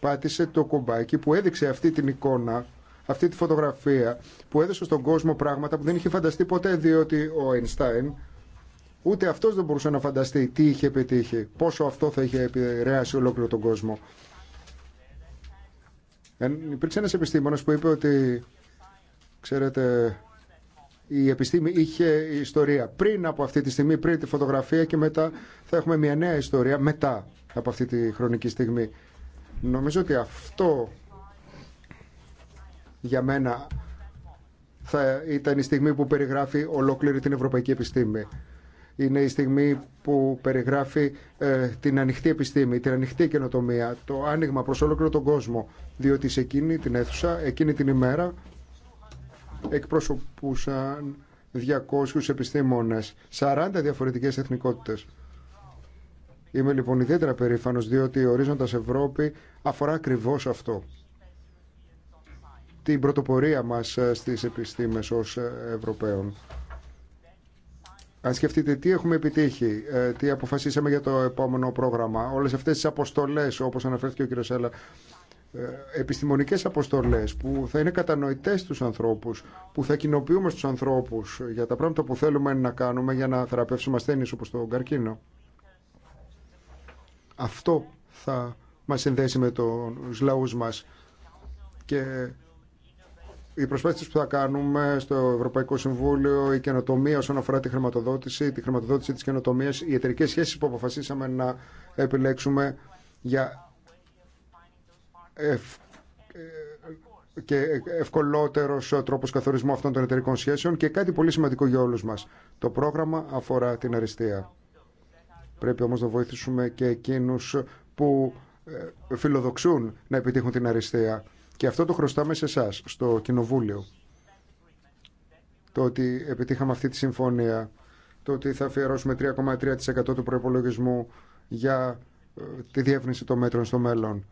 Πάτησε το κομπάκι που έδειξε αυτή την εικόνα αυτή τη φωτογραφία που έδωσε στον κόσμο πράγματα που δεν είχε φανταστεί ποτέ διότι ο Αϊνστάιν ούτε αυτός δεν μπορούσε να φανταστεί τι είχε πετύχει, πόσο αυτό θα είχε επηρεάσει ολόκληρο τον κόσμο. Υπήρξε ένας επιστήμονας που είπε ότι, ξέρετε, η επιστήμη είχε ιστορία πριν από αυτή τη στιγμή, πριν τη φωτογραφία και μετά θα έχουμε μια νέα ιστορία μετά από αυτή τη χρονική στιγμή. Νομίζω ότι αυτό για μένα θα ήταν η στιγμή που περιγράφει ολόκληρη την ευρωπαϊκή επιστήμη. Είναι η στιγμή που περιγράφει ε, την ανοιχτή επιστήμη, την ανοιχτή καινοτομία, το άνοιγμα προς ολόκληρο τον κόσμο. Διότι σε εκείνη την αίθουσα, εκείνη την ημέρα, εκπροσωπούσαν 200 επιστήμονες, 40 διαφορετικές εθνικότητες. Είμαι λοιπόν ιδιαίτερα περήφανος διότι ορίζοντας Ευρώπη αφορά ακριβώς αυτό την πρωτοπορία μας ε, στις επιστήμες ως ε, Ευρωπαίων. Αν σκεφτείτε τι έχουμε επιτύχει, ε, τι αποφασίσαμε για το επόμενο πρόγραμμα, όλες αυτές τις αποστολές, όπως αναφέρθηκε ο κ. Σέλλα, επιστημονικές αποστολές που θα είναι κατανοητές στους ανθρώπους, που θα κοινοποιούμε στους ανθρώπους για τα πράγματα που θέλουμε να κάνουμε για να θεραπεύσουμε ασθένειες όπως το καρκίνο. Αυτό θα μας συνδέσει με τους λαούς μας και οι προσπάθειε που θα κάνουμε στο Ευρωπαϊκό Συμβούλιο, η καινοτομία όσον αφορά τη χρηματοδότηση, τη χρηματοδότηση τη καινοτομία, οι εταιρικέ σχέσει που αποφασίσαμε να επιλέξουμε για ευ... και ευκολότερος τρόπος καθορισμού αυτών των εταιρικών σχέσεων και κάτι πολύ σημαντικό για όλου μα. Το πρόγραμμα αφορά την αριστεία. Πρέπει όμω να βοηθήσουμε και εκείνου που ε, φιλοδοξούν να επιτύχουν την αριστεία. Και αυτό το χρωστάμε σε εσά, στο Κοινοβούλιο. Το ότι επιτύχαμε αυτή τη συμφωνία, το ότι θα αφιερώσουμε 3,3% του προπολογισμού για ε, τη διεύρυνση των μέτρων στο μέλλον.